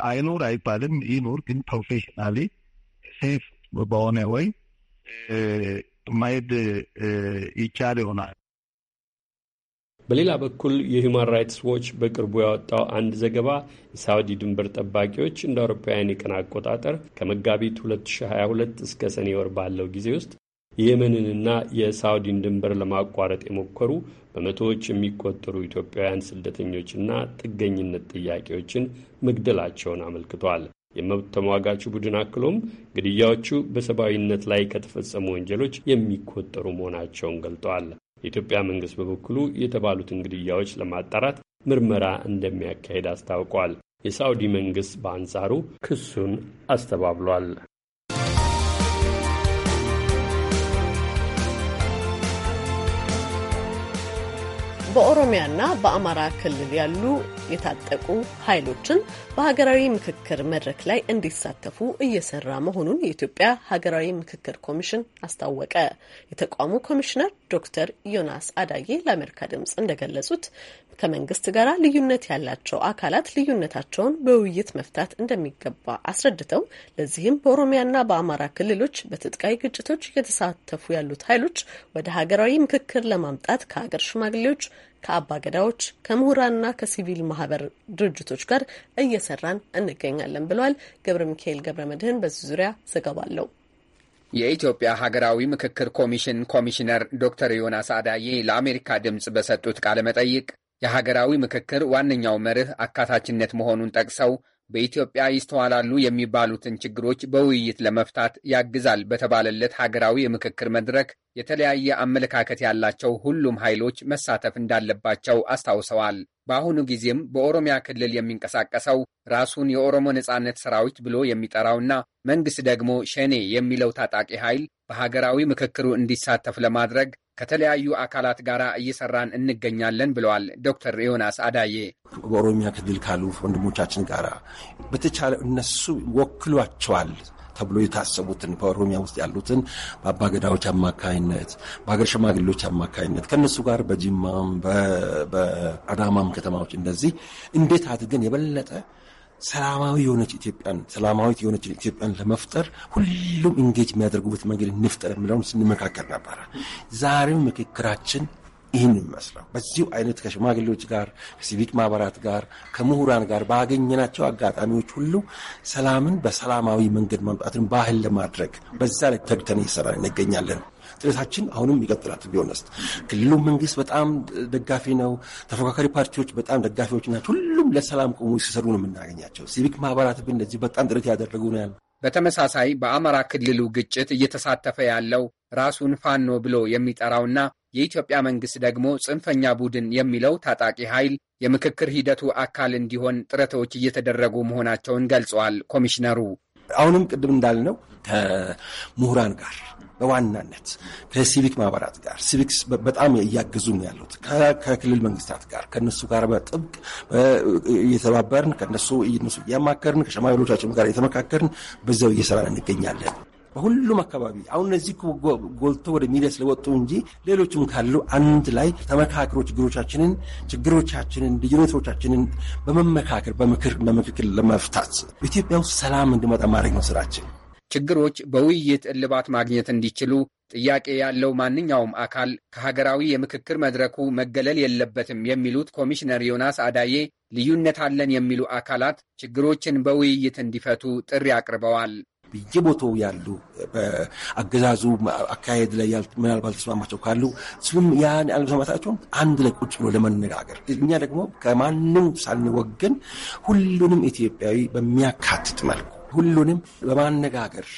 አይኖር አይባልም፣ ይኖር ግን ፕሮፌሽናሊ ሴፍ በሆነ ወይ ማየድ ይቻል ይሆናል። በሌላ በኩል የሁማን ራይትስ ዎች በቅርቡ ያወጣው አንድ ዘገባ የሳውዲ ድንበር ጠባቂዎች እንደ አውሮፓውያን የቀን አቆጣጠር ከመጋቢት 2022 እስከ ሰኔ ወር ባለው ጊዜ ውስጥ የየመንንና የሳውዲን ድንበር ለማቋረጥ የሞከሩ በመቶዎች የሚቆጠሩ ኢትዮጵያውያን ስደተኞችና ጥገኝነት ጥያቄዎችን መግደላቸውን አመልክቷል። የመብት ተሟጋቹ ቡድን አክሎም ግድያዎቹ በሰብአዊነት ላይ ከተፈጸሙ ወንጀሎች የሚቆጠሩ መሆናቸውን ገልጠዋል። የኢትዮጵያ መንግስት በበኩሉ የተባሉትን ግድያዎች ለማጣራት ምርመራ እንደሚያካሄድ አስታውቋል። የሳውዲ መንግስት በአንጻሩ ክሱን አስተባብሏል። በኦሮሚያና በአማራ ክልል ያሉ የታጠቁ ኃይሎችን በሀገራዊ ምክክር መድረክ ላይ እንዲሳተፉ እየሰራ መሆኑን የኢትዮጵያ ሀገራዊ ምክክር ኮሚሽን አስታወቀ። የተቋሙ ኮሚሽነር ዶክተር ዮናስ አዳዬ ለአሜሪካ ድምፅ እንደገለጹት ከመንግስት ጋር ልዩነት ያላቸው አካላት ልዩነታቸውን በውይይት መፍታት እንደሚገባ አስረድተው ለዚህም በኦሮሚያና በአማራ ክልሎች በትጥቃዊ ግጭቶች እየተሳተፉ ያሉት ኃይሎች ወደ ሀገራዊ ምክክር ለማምጣት ከሀገር ሽማግሌዎች ከአባ ገዳዎች፣ ከምሁራንና ከሲቪል ማህበር ድርጅቶች ጋር እየሰራን እንገኛለን ብሏል። ገብረ ሚካኤል ገብረ መድህን በዚህ ዙሪያ ዘገባ አለው። የኢትዮጵያ ሀገራዊ ምክክር ኮሚሽን ኮሚሽነር ዶክተር ዮናስ አዳዬ ለአሜሪካ ድምፅ በሰጡት ቃለ መጠይቅ የሀገራዊ ምክክር ዋነኛው መርህ አካታችነት መሆኑን ጠቅሰው በኢትዮጵያ ይስተዋላሉ የሚባሉትን ችግሮች በውይይት ለመፍታት ያግዛል በተባለለት ሀገራዊ የምክክር መድረክ የተለያየ አመለካከት ያላቸው ሁሉም ኃይሎች መሳተፍ እንዳለባቸው አስታውሰዋል። በአሁኑ ጊዜም በኦሮሚያ ክልል የሚንቀሳቀሰው ራሱን የኦሮሞ ነጻነት ሰራዊት ብሎ የሚጠራውና መንግሥት ደግሞ ሸኔ የሚለው ታጣቂ ኃይል በሀገራዊ ምክክሩ እንዲሳተፍ ለማድረግ ከተለያዩ አካላት ጋር እየሰራን እንገኛለን ብለዋል ዶክተር ዮናስ አዳዬ። በኦሮሚያ ክልል ካሉ ወንድሞቻችን ጋር በተቻለ እነሱ ወክሏቸዋል ተብሎ የታሰቡትን በኦሮሚያ ውስጥ ያሉትን በአባገዳዎች አማካይነት በሀገር ሽማግሌዎች አማካይነት ከእነሱ ጋር በጅማም በአዳማም ከተማዎች እንደዚህ እንዴት አድርገን የበለጠ ሰላማዊ የሆነች ኢትዮጵያን ሰላማዊት የሆነችን ኢትዮጵያን ለመፍጠር ሁሉም እንጌጅ የሚያደርጉበት መንገድ እንፍጠር የሚለውን ስንመካከል ነበረ። ዛሬም ምክክራችን ይህን የሚመስለው በዚሁ አይነት ከሽማግሌዎች ጋር ከሲቪክ ማህበራት ጋር ከምሁራን ጋር ባገኘናቸው አጋጣሚዎች ሁሉ ሰላምን በሰላማዊ መንገድ ማምጣትን ባህል ለማድረግ በዛ ላይ ተግተን እየሰራ እንገኛለን። ጥረታችን አሁንም ይቀጥላል። ቢሆነስት ክልሉ መንግስት በጣም ደጋፊ ነው። ተፎካካሪ ፓርቲዎች በጣም ደጋፊዎች ናቸው። ሁሉም ለሰላም ቆሙ ሲሰሩ ነው የምናገኛቸው። ሲቪክ ማህበራት ብን እነዚህ በጣም ጥረት ያደረጉ ነው ያለ በተመሳሳይ በአማራ ክልሉ ግጭት እየተሳተፈ ያለው ራሱን ፋኖ ብሎ የሚጠራውና የኢትዮጵያ መንግሥት ደግሞ ጽንፈኛ ቡድን የሚለው ታጣቂ ኃይል የምክክር ሂደቱ አካል እንዲሆን ጥረቶች እየተደረጉ መሆናቸውን ገልጸዋል ኮሚሽነሩ። አሁንም ቅድም እንዳልነው ከምሁራን ጋር በዋናነት ከሲቪክ ማህበራት ጋር ሲቪክስ በጣም እያገዙ ነው ያሉት። ከክልል መንግስታት ጋር ከነሱ ጋር በጥብቅ እየተባበርን ከነሱ እነሱ እያማከርን ከሸማግሎቻችን ጋር እየተመካከርን በዚያው እየሰራን እንገኛለን። በሁሉም አካባቢ አሁን እነዚህ ጎልቶ ወደ ሚዲያ ስለወጡ እንጂ ሌሎችም ካሉ አንድ ላይ ተመካክሮ ችግሮቻችንን ችግሮቻችንን ልዩነቶቻችንን በመመካከር በምክር በምክክል ለመፍታት ኢትዮጵያ ውስጥ ሰላም እንዲመጣ ማድረግ ነው ስራችን። ችግሮች በውይይት እልባት ማግኘት እንዲችሉ ጥያቄ ያለው ማንኛውም አካል ከሀገራዊ የምክክር መድረኩ መገለል የለበትም የሚሉት ኮሚሽነር ዮናስ አዳዬ ልዩነት አለን የሚሉ አካላት ችግሮችን በውይይት እንዲፈቱ ጥሪ አቅርበዋል። በየቦታው ያሉ በአገዛዙ አካሄድ ላይ ምናልባት ተስማማቸው ካሉ እሱም ያን አለመስማማታቸውን አንድ ላይ ቁጭ ብሎ ለመነጋገር እኛ ደግሞ ከማንም ሳንወገን ሁሉንም ኢትዮጵያዊ በሚያካትት መልኩ ሁሉንም በማነጋገር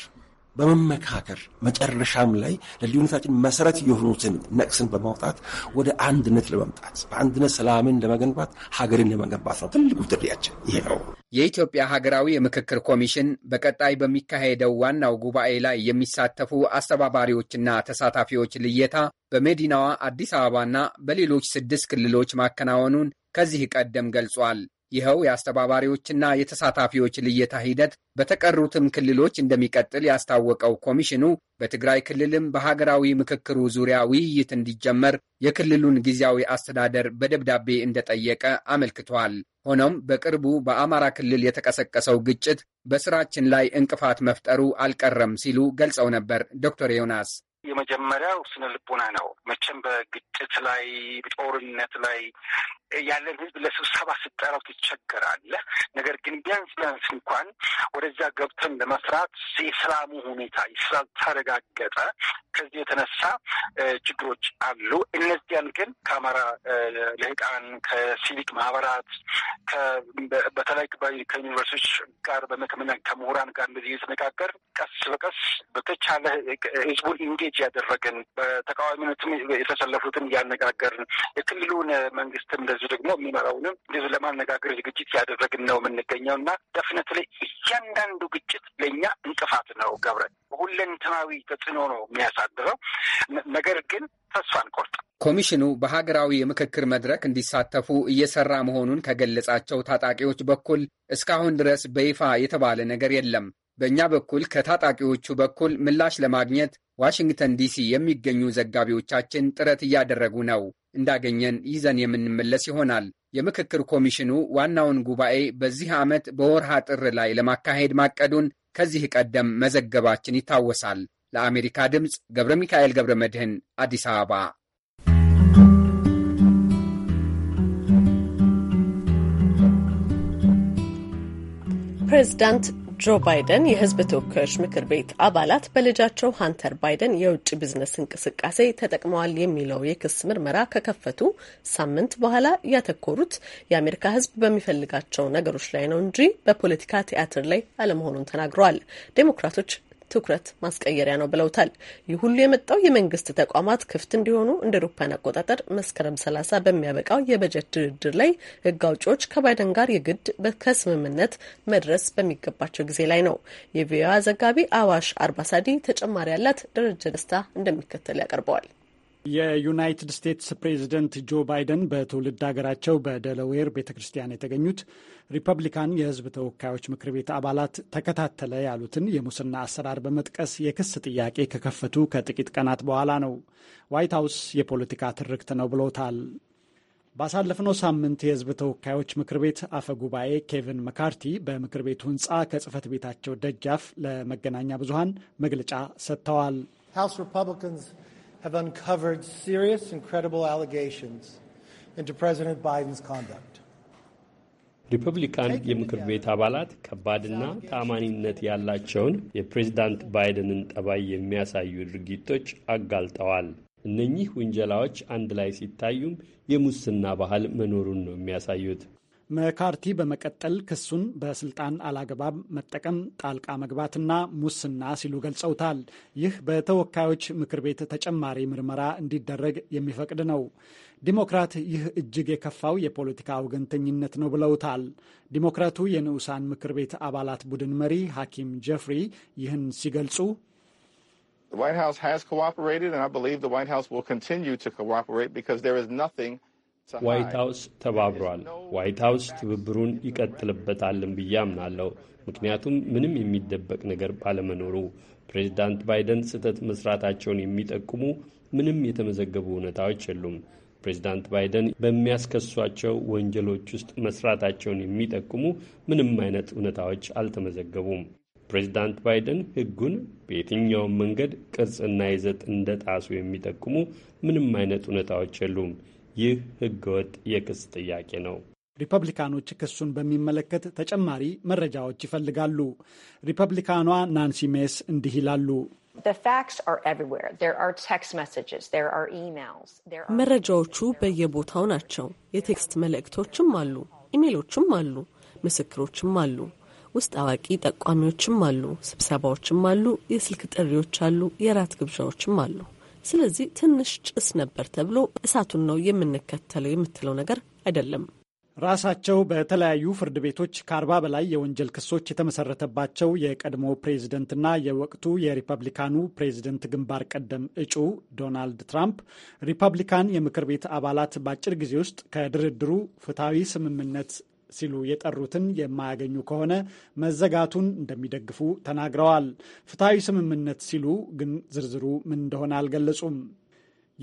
በመመካከር መጨረሻም ላይ ለልዩነታችን መሰረት የሆኑትን ነቅስን በማውጣት ወደ አንድነት ለመምጣት በአንድነት ሰላምን ለመገንባት ሀገርን ለመገንባት ነው ትልቁ ጥሪያችን ይሄ ነው። የኢትዮጵያ ሀገራዊ የምክክር ኮሚሽን በቀጣይ በሚካሄደው ዋናው ጉባኤ ላይ የሚሳተፉ አስተባባሪዎችና ተሳታፊዎች ልየታ በመዲናዋ አዲስ አበባና በሌሎች ስድስት ክልሎች ማከናወኑን ከዚህ ቀደም ገልጿል። ይኸው የአስተባባሪዎችና የተሳታፊዎች ልየታ ሂደት በተቀሩትም ክልሎች እንደሚቀጥል ያስታወቀው ኮሚሽኑ በትግራይ ክልልም በሀገራዊ ምክክሩ ዙሪያ ውይይት እንዲጀመር የክልሉን ጊዜያዊ አስተዳደር በደብዳቤ እንደጠየቀ አመልክቷል። ሆኖም በቅርቡ በአማራ ክልል የተቀሰቀሰው ግጭት በስራችን ላይ እንቅፋት መፍጠሩ አልቀረም ሲሉ ገልጸው ነበር ዶክተር ዮናስ። የመጀመሪያው ስነ ልቦና ነው። መቼም በግጭት ላይ ጦርነት ላይ ያለን ህዝብ ለስብሰባ ስጠራው ትቸገራለህ። ነገር ግን ቢያንስ ቢያንስ እንኳን ወደዛ ገብተን ለመስራት የሰላሙ ሁኔታ ተረጋገጠ። ከዚህ የተነሳ ችግሮች አሉ። እነዚያን ግን ከአማራ ልሂቃን፣ ከሲቪክ ማህበራት፣ በተለይ ከዩኒቨርሲቲዎች ጋር በመተመና ከምሁራን ጋር እንደዚህ የተነጋገር ቀስ በቀስ በተቻለ ህዝቡን ኢንጌጅ ያደረግን በተቃዋሚነትም የተሰለፉትን እያነጋገርን የክልሉን መንግስትም እንደዚህ እንደዚሁ ደግሞ የሚመራውንም እንደዚሁ ለማነጋገር ዝግጅት ያደረግን ነው የምንገኘው እና ደፍነት ላይ እያንዳንዱ ግጭት ለእኛ እንቅፋት ነው ገብረ ሁለንተናዊ ተጽዕኖ ነው የሚያሳድረው። ነገር ግን ተስፋ አንቆርጥ። ኮሚሽኑ በሀገራዊ የምክክር መድረክ እንዲሳተፉ እየሰራ መሆኑን ከገለጻቸው ታጣቂዎች በኩል እስካሁን ድረስ በይፋ የተባለ ነገር የለም። በእኛ በኩል ከታጣቂዎቹ በኩል ምላሽ ለማግኘት ዋሽንግተን ዲሲ የሚገኙ ዘጋቢዎቻችን ጥረት እያደረጉ ነው። እንዳገኘን ይዘን የምንመለስ ይሆናል። የምክክር ኮሚሽኑ ዋናውን ጉባኤ በዚህ ዓመት በወርሃ ጥር ላይ ለማካሄድ ማቀዱን ከዚህ ቀደም መዘገባችን ይታወሳል። ለአሜሪካ ድምፅ ገብረ ሚካኤል ገብረ መድህን አዲስ አበባ። ፕሬዚዳንት ጆ ባይደን የህዝብ ተወካዮች ምክር ቤት አባላት በልጃቸው ሀንተር ባይደን የውጭ ቢዝነስ እንቅስቃሴ ተጠቅመዋል የሚለው የክስ ምርመራ ከከፈቱ ሳምንት በኋላ ያተኮሩት የአሜሪካ ህዝብ በሚፈልጋቸው ነገሮች ላይ ነው እንጂ በፖለቲካ ቲያትር ላይ አለመሆኑን ተናግረዋል። ዴሞክራቶች ትኩረት ማስቀየሪያ ነው ብለውታል። ይህ ሁሉ የመጣው የመንግስት ተቋማት ክፍት እንዲሆኑ እንደ አውሮፓውያን አቆጣጠር መስከረም 30 በሚያበቃው የበጀት ድርድር ላይ ህግ አውጪዎች ከባይደን ጋር የግድ ከስምምነት መድረስ በሚገባቸው ጊዜ ላይ ነው። የቪኦኤ ዘጋቢ አዋሽ አርባሳዲ ተጨማሪ ያላት ደረጀ ደስታ እንደሚከተል ያቀርበዋል። የዩናይትድ ስቴትስ ፕሬዝደንት ጆ ባይደን በትውልድ ሀገራቸው በደለዌር ቤተ ክርስቲያን የተገኙት ሪፐብሊካን የሕዝብ ተወካዮች ምክር ቤት አባላት ተከታተለ ያሉትን የሙስና አሰራር በመጥቀስ የክስ ጥያቄ ከከፈቱ ከጥቂት ቀናት በኋላ ነው። ዋይት ሀውስ የፖለቲካ ትርክት ነው ብሎታል። ባሳለፍነው ሳምንት የሕዝብ ተወካዮች ምክር ቤት አፈ ጉባኤ ኬቪን መካርቲ በምክር ቤቱ ህንፃ ከጽህፈት ቤታቸው ደጃፍ ለመገናኛ ብዙሃን መግለጫ ሰጥተዋል። have uncovered serious and credible allegations into President Biden's conduct. ሪፐብሊካን የምክር ቤት አባላት ከባድና ተአማኒነት ያላቸውን የፕሬዚዳንት ባይደንን ጠባይ የሚያሳዩ ድርጊቶች አጋልጠዋል። እነኚህ ውንጀላዎች አንድ ላይ ሲታዩም የሙስና ባህል መኖሩን ነው የሚያሳዩት። መካርቲ በመቀጠል ክሱን በስልጣን አላግባብ መጠቀም፣ ጣልቃ መግባትና ሙስና ሲሉ ገልጸውታል። ይህ በተወካዮች ምክር ቤት ተጨማሪ ምርመራ እንዲደረግ የሚፈቅድ ነው። ዲሞክራት ይህ እጅግ የከፋው የፖለቲካ ወገንተኝነት ነው ብለውታል። ዲሞክራቱ የንዑሳን ምክር ቤት አባላት ቡድን መሪ ሐኪም ጀፍሪ ይህን ሲገልጹ The White House has cooperated, and I believe the White House will continue to cooperate because there is nothing ዋይት ሀውስ ተባብሯል። ዋይት ሀውስ ትብብሩን ይቀጥልበታልን ብዬ አምናለሁ። ምክንያቱም ምንም የሚደበቅ ነገር ባለመኖሩ ፕሬዚዳንት ባይደን ስህተት መስራታቸውን የሚጠቁሙ ምንም የተመዘገቡ እውነታዎች የሉም። ፕሬዚዳንት ባይደን በሚያስከሷቸው ወንጀሎች ውስጥ መስራታቸውን የሚጠቁሙ ምንም አይነት እውነታዎች አልተመዘገቡም። ፕሬዚዳንት ባይደን ሕጉን በየትኛውም መንገድ ቅርጽና ይዘት እንደ ጣሱ የሚጠቁሙ ምንም አይነት እውነታዎች የሉም። ይህ ህገወጥ የክስ ጥያቄ ነው። ሪፐብሊካኖች ክሱን በሚመለከት ተጨማሪ መረጃዎች ይፈልጋሉ። ሪፐብሊካኗ ናንሲ ሜስ እንዲህ ይላሉ። መረጃዎቹ በየቦታው ናቸው። የቴክስት መልእክቶችም አሉ፣ ኢሜሎችም አሉ፣ ምስክሮችም አሉ፣ ውስጥ አዋቂ ጠቋሚዎችም አሉ፣ ስብሰባዎችም አሉ፣ የስልክ ጥሪዎች አሉ፣ የራት ግብዣዎችም አሉ። ስለዚህ ትንሽ ጭስ ነበር ተብሎ እሳቱን ነው የምንከተለው የምትለው ነገር አይደለም። ራሳቸው በተለያዩ ፍርድ ቤቶች ከአርባ በላይ የወንጀል ክሶች የተመሰረተባቸው የቀድሞ ፕሬዝደንትና የወቅቱ የሪፐብሊካኑ ፕሬዝደንት ግንባር ቀደም እጩ ዶናልድ ትራምፕ ሪፐብሊካን የምክር ቤት አባላት በአጭር ጊዜ ውስጥ ከድርድሩ ፍትሐዊ ስምምነት ሲሉ የጠሩትን የማያገኙ ከሆነ መዘጋቱን እንደሚደግፉ ተናግረዋል። ፍትሐዊ ስምምነት ሲሉ ግን ዝርዝሩ ምን እንደሆነ አልገለጹም።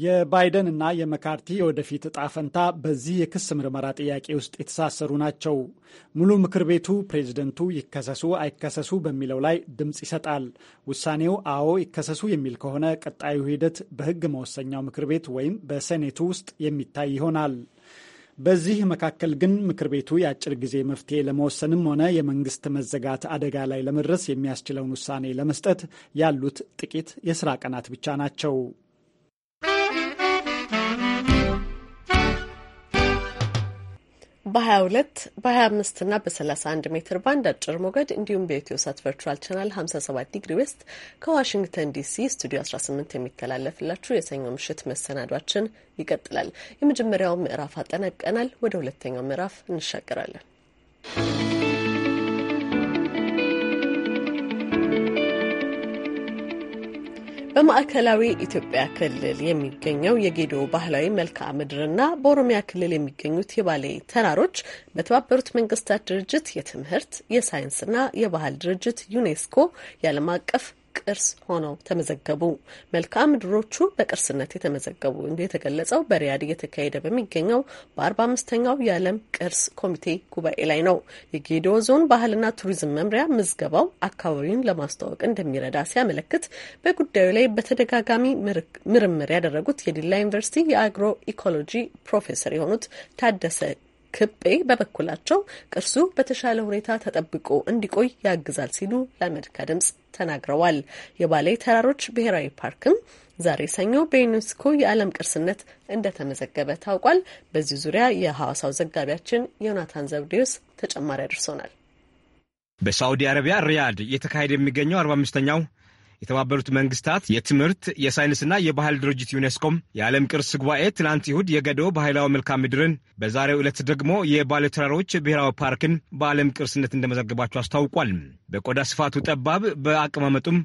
የባይደን እና የመካርቲ የወደፊት እጣ ፈንታ በዚህ የክስ ምርመራ ጥያቄ ውስጥ የተሳሰሩ ናቸው። ሙሉ ምክር ቤቱ ፕሬዝደንቱ ይከሰሱ አይከሰሱ በሚለው ላይ ድምፅ ይሰጣል። ውሳኔው አዎ ይከሰሱ የሚል ከሆነ ቀጣዩ ሂደት በሕግ መወሰኛው ምክር ቤት ወይም በሴኔቱ ውስጥ የሚታይ ይሆናል። በዚህ መካከል ግን ምክር ቤቱ የአጭር ጊዜ መፍትሄ ለመወሰንም ሆነ የመንግስት መዘጋት አደጋ ላይ ለመድረስ የሚያስችለውን ውሳኔ ለመስጠት ያሉት ጥቂት የስራ ቀናት ብቻ ናቸው። በ22 በ25 እና በ31 ሜትር ባንድ አጭር ሞገድ እንዲሁም በኢትዮ ሳት ቨርቹዋል ቻናል 57 ዲግሪ ዌስት ከዋሽንግተን ዲሲ ስቱዲዮ 18 የሚተላለፍላችሁ የሰኞ ምሽት መሰናዷችን ይቀጥላል። የመጀመሪያው ምዕራፍ አጠናቀናል። ወደ ሁለተኛው ምዕራፍ እንሻገራለን። በማዕከላዊ ኢትዮጵያ ክልል የሚገኘው የጌዶ ባህላዊ መልክዓ ምድርና በኦሮሚያ ክልል የሚገኙት የባሌ ተራሮች በተባበሩት መንግስታት ድርጅት የትምህርት የሳይንስና የባህል ድርጅት ዩኔስኮ የዓለም አቀፍ ቅርስ ሆነው ተመዘገቡ። መልክዓ ምድሮቹ በቅርስነት የተመዘገቡ እንደ የተገለጸው በሪያድ እየተካሄደ በሚገኘው በአርባ አምስተኛው የዓለም ቅርስ ኮሚቴ ጉባኤ ላይ ነው። የጌዲኦ ዞን ባህልና ቱሪዝም መምሪያ ምዝገባው አካባቢውን ለማስተዋወቅ እንደሚረዳ ሲያመለክት በጉዳዩ ላይ በተደጋጋሚ ምርምር ያደረጉት የዲላ ዩኒቨርሲቲ የአግሮ ኢኮሎጂ ፕሮፌሰር የሆኑት ታደሰ ክቤ በበኩላቸው ቅርሱ በተሻለ ሁኔታ ተጠብቆ እንዲቆይ ያግዛል ሲሉ ለአሜሪካ ድምጽ ተናግረዋል። የባሌ ተራሮች ብሔራዊ ፓርክም ዛሬ ሰኞ በዩኔስኮ የዓለም ቅርስነት እንደተመዘገበ ታውቋል። በዚህ ዙሪያ የሐዋሳው ዘጋቢያችን ዮናታን ዘብዴዎስ ተጨማሪ አድርሶናል። በሳዑዲ አረቢያ ሪያድ እየተካሄደ የሚገኘው አርባ አምስተኛው የተባበሩት መንግስታት የትምህርት የሳይንስና የባህል ድርጅት ዩኔስኮም የዓለም ቅርስ ጉባኤ ትናንት ይሁድ የገዶ ባህላዊ መልካም ምድርን በዛሬው ዕለት ደግሞ የባሌ ተራሮች ብሔራዊ ፓርክን በዓለም ቅርስነት እንደመዘገባቸው አስታውቋል። በቆዳ ስፋቱ ጠባብ በአቀማመጡም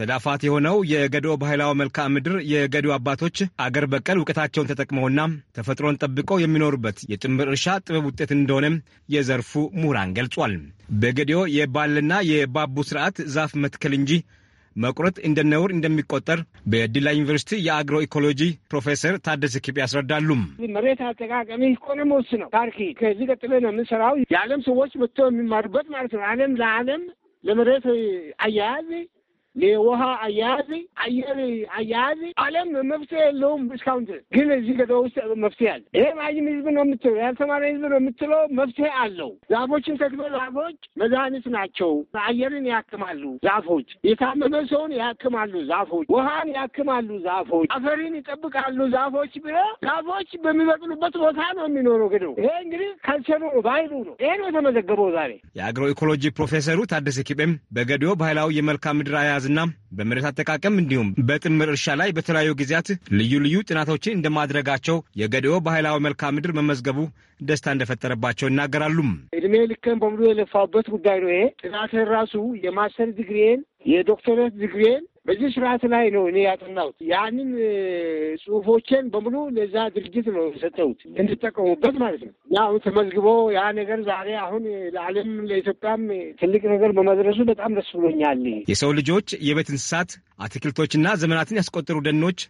ተዳፋት የሆነው የገዶ ባህላዊ መልክዓ ምድር የገዶ አባቶች አገር በቀል እውቀታቸውን ተጠቅመውና ተፈጥሮን ጠብቀው የሚኖሩበት የጥምር እርሻ ጥበብ ውጤት እንደሆነም የዘርፉ ምሁራን ገልጿል። በገዲዮ የባልና የባቡ ስርዓት ዛፍ መትከል እንጂ መቁረጥ እንደ ነውር እንደሚቆጠር በዲላ ዩኒቨርሲቲ የአግሮ ኢኮሎጂ ፕሮፌሰር ታደሰ ኪፕ ያስረዳሉ። መሬት አጠቃቀሚ ኮነ ኢኮኖሚውስ ነው ታርኪ ከዚህ ቀጥለ ነው የምንሰራው የዓለም ሰዎች መጥተው የሚማሩበት ማለት ነው። ዓለም ለዓለም ለመሬት አያያዝ የውሃ አያያዝ፣ አየር አያያዝ አለም መፍትሄ የለውም እስካሁን ግን እዚህ ከተማ ውስጥ መፍትሄ አለ። ይሄ ማይም ህዝብ ነው የምትለው፣ ያልተማረ ህዝብ ነው የምትለው፣ መፍትሄ አለው። ዛፎችን ተክሎ ዛፎች መድኃኒት ናቸው። አየርን ያክማሉ ዛፎች፣ የታመመ ሰውን ያክማሉ ዛፎች፣ ውሃን ያክማሉ ዛፎች፣ አፈሪን ይጠብቃሉ ዛፎች ብለ ዛፎች በሚበቅሉበት ቦታ ነው የሚኖረው። ግን ይሄ እንግዲህ ካልቸሩ ነው ባህሉ ነው። ይሄ ነው የተመዘገበው ዛሬ። የአግሮ ኢኮሎጂ ፕሮፌሰሩ ታደሰ ኪቤም በገዲዮ ባህላዊ የመልክዓ ምድር አያያዝ በአያያዝና በመሬት አጠቃቀም እንዲሁም በጥምር እርሻ ላይ በተለያዩ ጊዜያት ልዩ ልዩ ጥናቶችን እንደማድረጋቸው የገዲኦ ባህላዊ መልክዓ ምድር መመዝገቡ ደስታ እንደፈጠረባቸው ይናገራሉ። እድሜ ልከን በሙሉ የለፋበት ጉዳይ ነው። ይሄ ጥናትን ራሱ የማስተር ዲግሪን የዶክተሬት ዲግሪን በዚህ ስርዓት ላይ ነው እኔ ያጠናሁት። ያንን ጽሁፎቼን በሙሉ ለዛ ድርጅት ነው የሰጠሁት እንድጠቀሙበት ማለት ነው። ያ አሁን ተመዝግቦ ያ ነገር ዛሬ አሁን ለዓለም ለኢትዮጵያም ትልቅ ነገር በመድረሱ በጣም ደስ ብሎኛል። የሰው ልጆች የቤት እንስሳት፣ አትክልቶችና ዘመናትን ያስቆጠሩ ደኖች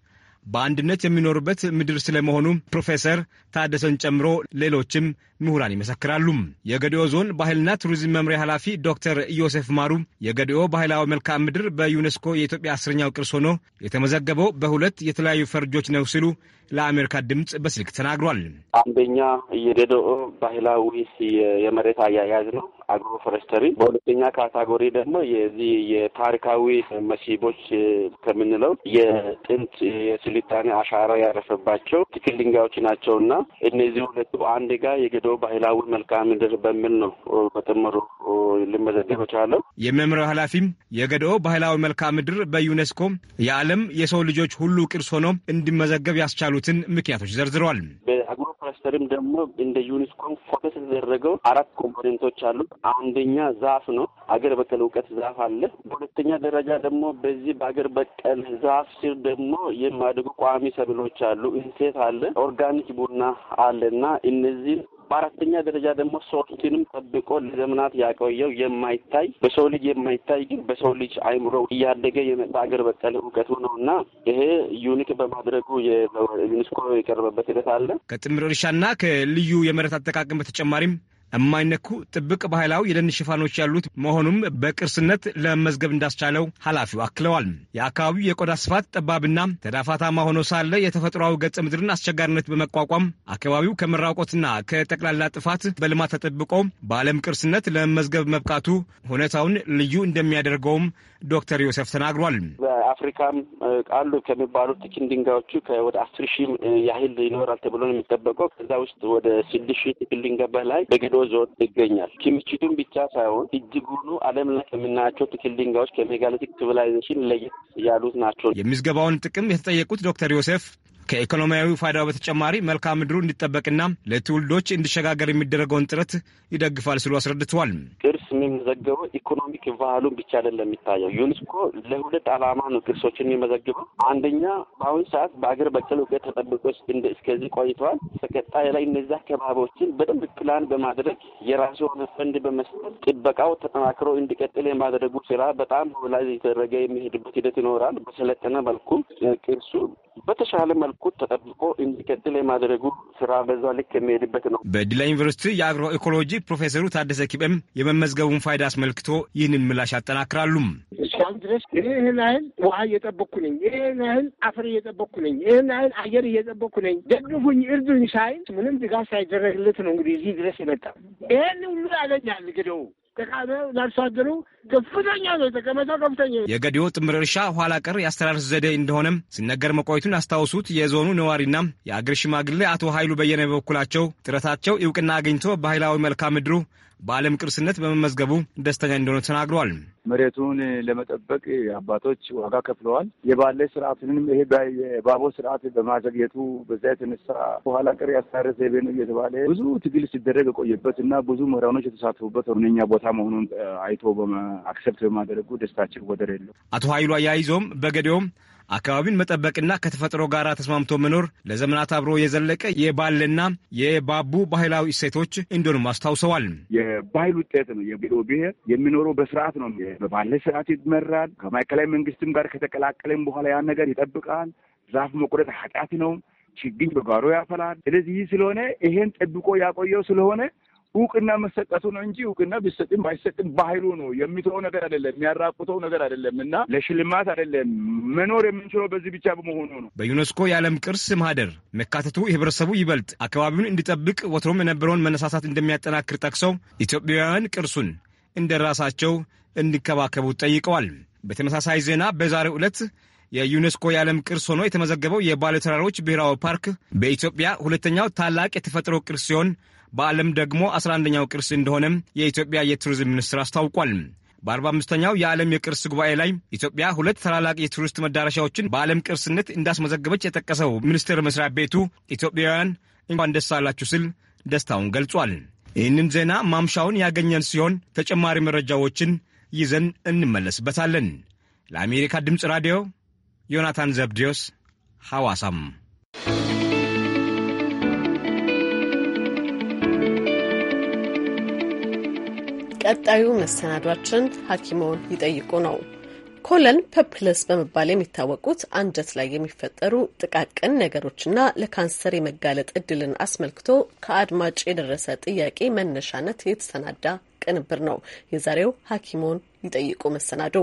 በአንድነት የሚኖሩበት ምድር ስለመሆኑ ፕሮፌሰር ታደሰን ጨምሮ ሌሎችም ምሁራን ይመሰክራሉ። የገዲኦ ዞን ባህልና ቱሪዝም መምሪያ ኃላፊ ዶክተር ዮሴፍ ማሩ የገዲኦ ባህላዊ መልክዓ ምድር በዩኔስኮ የኢትዮጵያ አስረኛው ቅርስ ሆኖ የተመዘገበው በሁለት የተለያዩ ፈርጆች ነው ሲሉ ለአሜሪካ ድምፅ በስልክ ተናግሯል። አንደኛ የደዶ ባህላዊ የመሬት አያያዝ ነው አግሮ ፎረስተሪ። በሁለተኛ ካታጎሪ ደግሞ የዚህ የታሪካዊ መስህቦች ከምንለው የጥንት የስልጣኔ አሻራ ያረፈባቸው ትክል ድንጋዮች ናቸው እና እነዚህ ሁለቱ አንድ ጋር የገዶ ባህላዊ መልክዓ ምድር በሚል ነው በጥምሩ ልመዘገብ ቻለው። የመምሪያው ኃላፊም የገደኦ ባህላዊ መልክዓ ምድር በዩኔስኮ የዓለም የሰው ልጆች ሁሉ ቅርስ ሆኖ እንዲመዘገብ ያስቻሉት ያሉትን ምክንያቶች ዘርዝረዋል። በአግሮ ክላስተርም ደግሞ እንደ ዩኒስኮን ፎከስ የተደረገው አራት ኮምፖኔንቶች አሉ። አንደኛ ዛፍ ነው። አገር በቀል እውቀት ዛፍ አለ። በሁለተኛ ደረጃ ደግሞ በዚህ በአገር በቀል ዛፍ ስር ደግሞ የማደጉ ቋሚ ሰብሎች አሉ። እንሴት አለ፣ ኦርጋኒክ ቡና አለና እነዚህን በአራተኛ ደረጃ ደግሞ ሶርቲንም ጠብቆ ለዘመናት ያቆየው የማይታይ በሰው ልጅ የማይታይ ግን በሰው ልጅ አይምሮ እያደገ የመጣ አገር በቀል እውቀቱ ነው እና ይሄ ዩኒክ በማድረጉ ዩኒስኮ የቀረበበት ሂደት አለ። ከጥምር እርሻና ከልዩ የመሬት አጠቃቀም በተጨማሪም የማይነኩ ጥብቅ ባህላዊ የደን ሽፋኖች ያሉት መሆኑም በቅርስነት ለመመዝገብ እንዳስቻለው ኃላፊው አክለዋል። የአካባቢው የቆዳ ስፋት ጠባብና ተዳፋታማ ሆኖ ሳለ የተፈጥሯዊ ገጸ ምድርን አስቸጋሪነት በመቋቋም አካባቢው ከመራቆትና ከጠቅላላ ጥፋት በልማት ተጠብቆ በዓለም ቅርስነት ለመመዝገብ መብቃቱ ሁኔታውን ልዩ እንደሚያደርገውም ዶክተር ዮሴፍ ተናግሯል። በአፍሪካም ቃሉ ከሚባሉት ቲኪን ድንጋዮቹ ወደ አስር ሺህ ያህል ይኖራል ተብሎ ነው የሚጠበቀው። ከዛ ውስጥ ወደ ስድስት ሺህ ቲኪን ድንጋይ በላይ በገዶ ዞን ይገኛል። ክምችቱን ብቻ ሳይሆን እጅጉኑ ዓለም ላይ ከምናያቸው ትክል ድንጋዮች ከሜጋሊቲክ ሲቪላይዜሽን ለየት ያሉት ናቸው። የምዝገባውን ጥቅም የተጠየቁት ዶክተር ዮሴፍ ከኢኮኖሚያዊ ፋይዳው በተጨማሪ መልክዓ ምድሩ እንዲጠበቅና ለትውልዶች እንዲሸጋገር የሚደረገውን ጥረት ይደግፋል ሲሉ አስረድተዋል። ቅርስ የሚመዘገበው ኢኮኖሚክ ቫሉን ብቻ አይደለም የሚታየው። ዩኒስኮ ለሁለት ዓላማ ነው ቅርሶችን የሚመዘግበው። አንደኛ በአሁኑ ሰዓት በሀገር በቀል እውቀት ተጠብቆ እንደ እስከዚህ ቆይተዋል። በቀጣይ ላይ እነዚህ አካባቢዎችን በደንብ ፕላን በማድረግ የራሱ የሆነ ፈንድ በመስጠት ጥበቃው ተጠናክሮ እንዲቀጥል የማድረጉ ስራ በጣም ላይ የተደረገ የሚሄድበት ሂደት ይኖራል። በሰለጠነ መልኩም ቅርሱ በተሻለ መልኩ ተጠብቆ እንዲቀጥል የማድረጉ ስራ በዛ ልክ የሚሄድበት ነው። በዲላ ዩኒቨርሲቲ የአግሮ ኢኮሎጂ ፕሮፌሰሩ ታደሰ ኪበም የመመዝገቡን ፋይዳ አስመልክቶ ይህንን ምላሽ ያጠናክራሉ። እስካሁን ድረስ ይህን ያህል ውሃ እየጠበኩ ነኝ፣ ይህን ያህል አፈር እየጠበኩ ነኝ፣ ይህን ያህል አየር እየጠበኩ ነኝ፣ ደግፉኝ፣ እርዱኝ ሳይል ምንም ድጋፍ ሳይደረግለት ነው እንግዲህ እዚህ ድረስ የመጣ ይህን ሁሉ ያገኛል ግደው ጠቃሚ ለአርሶ አደሩ ከፍተኛ ነው። የተቀመጠው። ከፍተኛ የገዲዮ ጥምር እርሻ ኋላ ቀር የአስተራረስ ዘዴ እንደሆነም ሲነገር መቆየቱን ያስታውሱት የዞኑ ነዋሪና የአገር ሽማግሌ አቶ ኃይሉ በየነ በበኩላቸው ጥረታቸው እውቅና አግኝቶ ባህላዊ መልክዓ ምድሩ በዓለም ቅርስነት በመመዝገቡ ደስተኛ እንደሆነ ተናግረዋል። መሬቱን ለመጠበቅ አባቶች ዋጋ ከፍለዋል። የባለ ስርዓትንም ይሄ የባቦ ስርዓት በማዘግየቱ በዛ የተነሳ በኋላ ቀር የአስተዳደር ዘይቤ ነው እየተባለ ብዙ ትግል ሲደረግ የቆየበት እና ብዙ ምሁራኖች የተሳተፉበት ዋነኛ ቦታ መሆኑን አይቶ አክሰፕት በማደረጉ ደስታችን ወደር የለው። አቶ ሀይሉ አያይዞም በገዲኦም አካባቢን መጠበቅና ከተፈጥሮ ጋር ተስማምቶ መኖር ለዘመናት አብሮ የዘለቀ የባልና የባቡ ባህላዊ እሴቶች እንደሆኑም አስታውሰዋል። የባህል ውጤት ነው። የቢሮ ብሔር የሚኖረው በስርዓት ነው። በባለ ስርዓት ይመራል። ከማዕከላዊ መንግስትም ጋር ከተቀላቀለም በኋላ ያን ነገር ይጠብቃል። ዛፍ መቁረጥ ኃጢአት ነው። ችግኝ በጓሮ ያፈላል። ስለዚህ ይህ ስለሆነ ይሄን ጠብቆ ያቆየው ስለሆነ እውቅና መሰጠቱ ነው እንጂ እውቅና ቢሰጥም ባይሰጥም ባህሉ ነው የሚተው ነገር አይደለም፣ የሚያራቁተው ነገር አይደለም እና ለሽልማት አይደለም መኖር የምንችለው በዚህ ብቻ በመሆኑ ነው። በዩኔስኮ የዓለም ቅርስ ማህደር መካተቱ ህብረተሰቡ ይበልጥ አካባቢውን እንዲጠብቅ ወትሮም የነበረውን መነሳሳት እንደሚያጠናክር ጠቅሰው ኢትዮጵያውያን ቅርሱን እንደ ራሳቸው እንዲከባከቡ ጠይቀዋል። በተመሳሳይ ዜና በዛሬው ዕለት የዩኔስኮ የዓለም ቅርስ ሆኖ የተመዘገበው የባሌ ተራሮች ብሔራዊ ፓርክ በኢትዮጵያ ሁለተኛው ታላቅ የተፈጥሮ ቅርስ ሲሆን በዓለም ደግሞ 11ኛው ቅርስ እንደሆነም የኢትዮጵያ የቱሪዝም ሚኒስትር አስታውቋል። በ45ኛው የዓለም የቅርስ ጉባኤ ላይ ኢትዮጵያ ሁለት ታላላቅ የቱሪስት መዳረሻዎችን በዓለም ቅርስነት እንዳስመዘገበች የጠቀሰው ሚኒስቴር መስሪያ ቤቱ ኢትዮጵያውያን እንኳን ደስ አላችሁ ሲል ደስታውን ገልጿል። ይህንን ዜና ማምሻውን ያገኘን ሲሆን ተጨማሪ መረጃዎችን ይዘን እንመለስበታለን። ለአሜሪካ ድምፅ ራዲዮ ዮናታን ዘብዴዎስ ሐዋሳም ቀጣዩ መሰናዷችን ሐኪሞን ይጠይቁ ነው። ኮለን ፐፕለስ በመባል የሚታወቁት አንጀት ላይ የሚፈጠሩ ጥቃቅን ነገሮችና ለካንሰር የመጋለጥ እድልን አስመልክቶ ከአድማጭ የደረሰ ጥያቄ መነሻነት የተሰናዳ ቅንብር ነው። የዛሬው ሐኪሞን ይጠይቁ መሰናዶ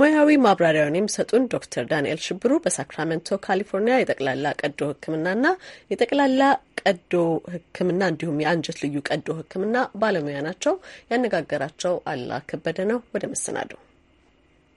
ሙያዊ ማብራሪያውን የሚሰጡን ዶክተር ዳንኤል ሽብሩ በሳክራመንቶ ካሊፎርኒያ የጠቅላላ ቀዶ ሕክምናና የጠቅላላ ቀዶ ሕክምና እንዲሁም የአንጀት ልዩ ቀዶ ሕክምና ባለሙያ ናቸው። ያነጋገራቸው አላ ከበደ ነው። ወደ መሰናዶው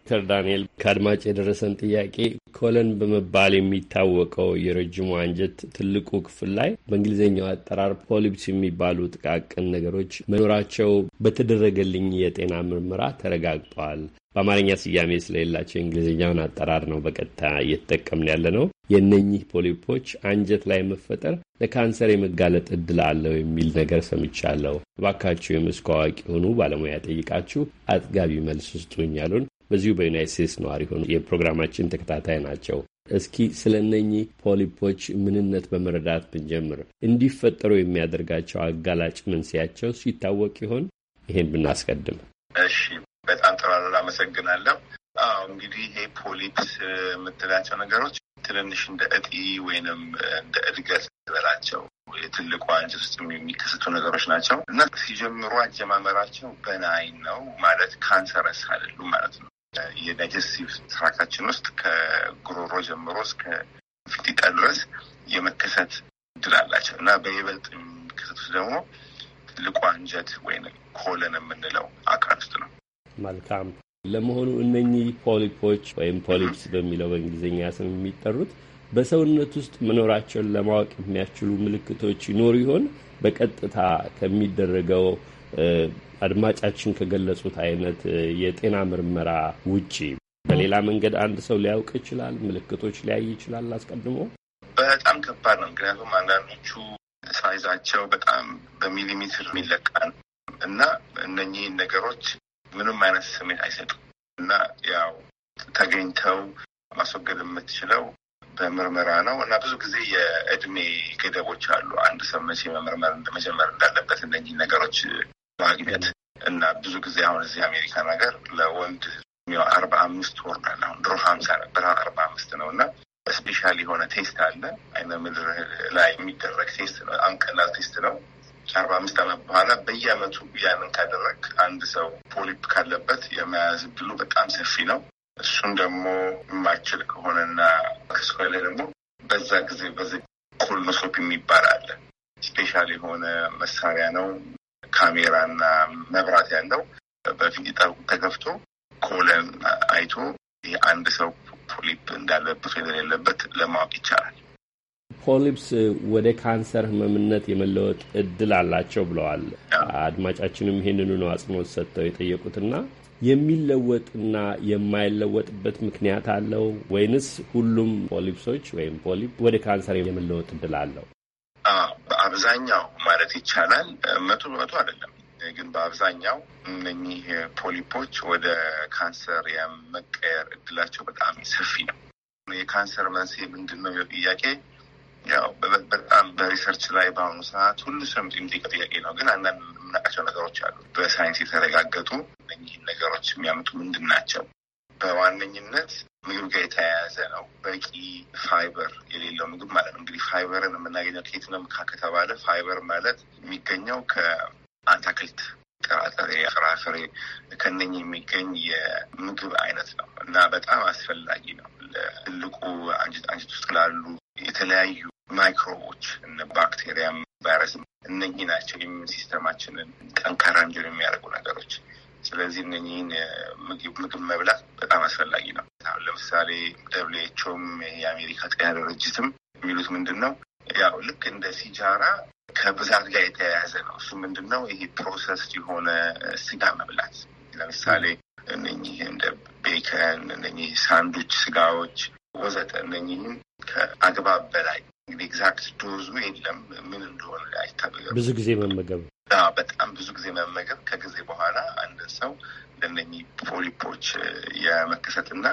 ዶክተር ዳንኤል ከአድማጭ የደረሰን ጥያቄ ኮለን በመባል የሚታወቀው የረጅሙ አንጀት ትልቁ ክፍል ላይ በእንግሊዝኛው አጠራር ፖሊፕስ የሚባሉ ጥቃቅን ነገሮች መኖራቸው በተደረገልኝ የጤና ምርመራ ተረጋግጧል። በአማርኛ ስያሜ ስለሌላቸው የእንግሊዝኛውን አጠራር ነው በቀጥታ እየተጠቀምን ያለ ነው። የእነኚህ ፖሊፖች አንጀት ላይ መፈጠር ለካንሰር የመጋለጥ እድል አለው የሚል ነገር ሰምቻለሁ። እባካችሁ የመስኩ አዋቂ የሆኑ ባለሙያ ጠይቃችሁ አጥጋቢ መልስ ስጡኝ ያሉን በዚሁ በዩናይት ስቴትስ ነዋሪ የሆኑ የፕሮግራማችን ተከታታይ ናቸው። እስኪ ስለ እነኚህ ፖሊፖች ምንነት በመረዳት ብንጀምር፣ እንዲፈጠሩ የሚያደርጋቸው አጋላጭ መንስያቸው ሲታወቅ ይሆን? ይሄን ብናስቀድም። እሺ፣ በጣም ጥሩ አመሰግናለሁ። አዎ እንግዲህ ይሄ ፖሊፕስ የምትላቸው ነገሮች ትንንሽ እንደ እጢ ወይንም እንደ እድገት ትበላቸው የትልቁ አንጅ ውስጥ የሚከሰቱ ነገሮች ናቸው እና ሲጀምሩ አጀማመራቸው በናይን ነው ማለት ካንሰረስ አይደሉም ማለት ነው። የዳይጀስቲቭ ስርዓታችን ውስጥ ከጉሮሮ ጀምሮ እስከ ፊንጢጣ ድረስ የመከሰት እድል አላቸው እና በይበልጥ የሚከሰቱት ደግሞ ትልቁ አንጀት ወይም ኮለን የምንለው አካል ውስጥ ነው። መልካም። ለመሆኑ እነኚህ ፖሊፖች ወይም ፖሊፕስ በሚለው በእንግሊዝኛ ስም የሚጠሩት በሰውነት ውስጥ መኖራቸውን ለማወቅ የሚያስችሉ ምልክቶች ይኖሩ ይሆን? በቀጥታ ከሚደረገው አድማጫችን ከገለጹት አይነት የጤና ምርመራ ውጪ በሌላ መንገድ አንድ ሰው ሊያውቅ ይችላል? ምልክቶች ሊያይ ይችላል? አስቀድሞ በጣም ከባድ ነው። ምክንያቱም አንዳንዶቹ ሳይዛቸው በጣም በሚሊሜትር የሚለካ እና እነኚህን ነገሮች ምንም አይነት ስሜት አይሰጡም እና ያው ተገኝተው ማስወገድ የምትችለው በምርመራ ነው እና ብዙ ጊዜ የእድሜ ገደቦች አሉ። አንድ ሰው መቼ መመርመር መጀመር እንዳለበት እነኚህ ነገሮች ማግኘት እና ብዙ ጊዜ አሁን እዚህ አሜሪካ ነገር ለወንድ እድሜው አርባ አምስት ወርዷል። አሁን ድሮ ሀምሳ ነበር፣ አርባ አምስት ነው እና ስፔሻል የሆነ ቴስት አለ አይነ ምድር ላይ የሚደረግ ቴስት ነው። አንቀላ ቴስት ነው። አርባ አምስት አመት በኋላ በየአመቱ ያንን ካደረግ አንድ ሰው ፖሊፕ ካለበት የመያዝ ብሉ በጣም ሰፊ ነው። እሱን ደግሞ የማችል ከሆነና ከስኳ ላይ ደግሞ በዛ ጊዜ በዚ ኮሎኖስኮፒ የሚባል አለ። ስፔሻል የሆነ መሳሪያ ነው። ካሜራና መብራት ያለው በፊንጢጣው ተገፍቶ ኮለን አይቶ የአንድ ሰው ፖሊፕ እንዳለበት ወይ የሌለበት ለማወቅ ይቻላል። ፖሊፕስ ወደ ካንሰር ህመምነት የመለወጥ እድል አላቸው ብለዋል። አድማጫችንም ይህንኑ ነው አጽንኦት ሰጥተው የጠየቁትና የሚለወጥና የማይለወጥበት ምክንያት አለው ወይንስ ሁሉም ፖሊፕሶች ወይም ፖሊፕ ወደ ካንሰር የመለወጥ እድል አለው? በአብዛኛው ማለት ይቻላል መቶ በመቶ አይደለም፣ ግን በአብዛኛው እነኚህ ፖሊፖች ወደ ካንሰር የመቀየር እድላቸው በጣም ሰፊ ነው። የካንሰር መንስኤ ምንድን ነው? ጥያቄ ያው በጣም በሪሰርች ላይ በአሁኑ ሰዓት ሁሉ ሰው የሚጠይቀው ጥያቄ ነው። ግን አንዳንድ የምናውቃቸው ነገሮች አሉ፣ በሳይንስ የተረጋገጡ እነኚህን ነገሮች የሚያመጡ ምንድን ናቸው? በዋነኝነት ምግብ ጋር የተያያዘ ነው። በቂ ፋይበር የሌለው ምግብ ማለት ነው። እንግዲህ ፋይበርን የምናገኘው ከየት ነው ከተባለ ፋይበር ማለት የሚገኘው ከአታክልት ጥራጥሬ፣ ፍራፍሬ ከነኝ የሚገኝ የምግብ አይነት ነው እና በጣም አስፈላጊ ነው ለትልቁ አንጀት አንጀት ውስጥ ላሉ የተለያዩ ማይክሮቦች እነ ባክቴሪያም፣ ቫይረስም እነኚህ ናቸው ሲስተማችንን ጠንካራ እንዲሆን የሚያደርጉ ነገሮች ስለዚህ እነኚህን ምግብ ምግብ መብላት በጣም አስፈላጊ ነው። ለምሳሌ ደብሌችም የአሜሪካ ጤና ድርጅትም የሚሉት ምንድን ነው ያው ልክ እንደ ሲጃራ ከብዛት ጋር የተያያዘ ነው። እሱ ምንድን ነው ይሄ ፕሮሰስ የሆነ ስጋ መብላት ለምሳሌ እነኚህ እንደ ቤከን፣ እነኚህ ሳንዱች ስጋዎች ወዘተ እነኚህን ከአግባብ በላይ እንግዲህ ኤግዛክት ዶዙ የለም ምን እንደሆነ ብዙ ጊዜ መመገብ በጣም ብዙ ጊዜ መመገብ ከጊዜ በኋላ አንድ ሰው ለእነኚህ ፖሊፖች የመከሰትና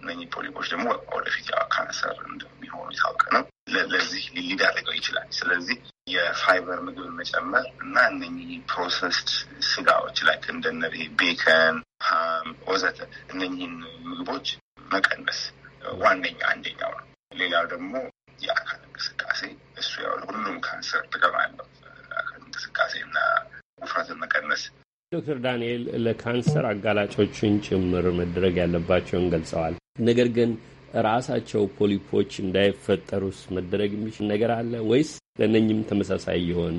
እነኚህ ፖሊፖች ደግሞ ወደፊት ያው ካንሰር እንደሚሆኑ የታወቀ ነው። ለዚህ ሊዳረገው ይችላል። ስለዚህ የፋይበር ምግብን መጨመር እና እነኚህ ፕሮሰስድ ስጋዎች ላይ እንደነ ቤከን፣ ሃም ወዘተ እነኚህን ምግቦች መቀነስ ዋነኛ አንደኛው ነው። ሌላው ደግሞ የአካል እንቅስቃሴ እሱ ያው ሁሉም ካንሰር ጥቅም አለው። እንቅስቃሴና ውፍረትን መቀነስ። ዶክተር ዳንኤል ለካንሰር አጋላጮችን ጭምር መደረግ ያለባቸውን ገልጸዋል። ነገር ግን ራሳቸው ፖሊፖች እንዳይፈጠሩስ መደረግ የሚችል ነገር አለ ወይስ ለእነኝም ተመሳሳይ የሆን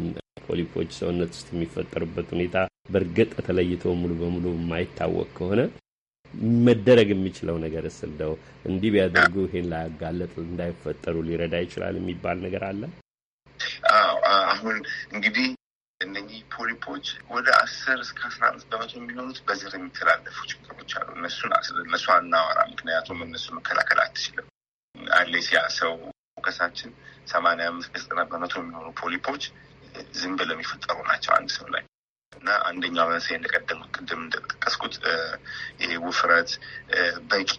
ፖሊፖች ሰውነት ውስጥ የሚፈጠሩበት ሁኔታ በእርግጥ ተለይቶ ሙሉ በሙሉ የማይታወቅ ከሆነ መደረግ የሚችለው ነገር እስንደው እንዲህ ቢያደርጉ ይሄን ላያጋለጥ እንዳይፈጠሩ ሊረዳ ይችላል የሚባል ነገር አለ? አሁን እንግዲህ እነኚህ ፖሊፖች ወደ አስር እስከ አስራ አምስት በመቶ የሚሆኑት በዘር የሚተላለፉ ችግሮች አሉ። እነሱን እነሱ አናወራ፣ ምክንያቱም እነሱ መከላከል አትችልም። አሌሲያ ሰው ፎከሳችን ሰማንያ አምስት ከዘጠና በመቶ የሚሆኑ ፖሊፖች ዝም ብለው የሚፈጠሩ ናቸው አንድ ሰው ላይ እና አንደኛው መንስኤ እንደቀደም ቅድም እንደጠቀስኩት ይሄ ውፍረት፣ በቂ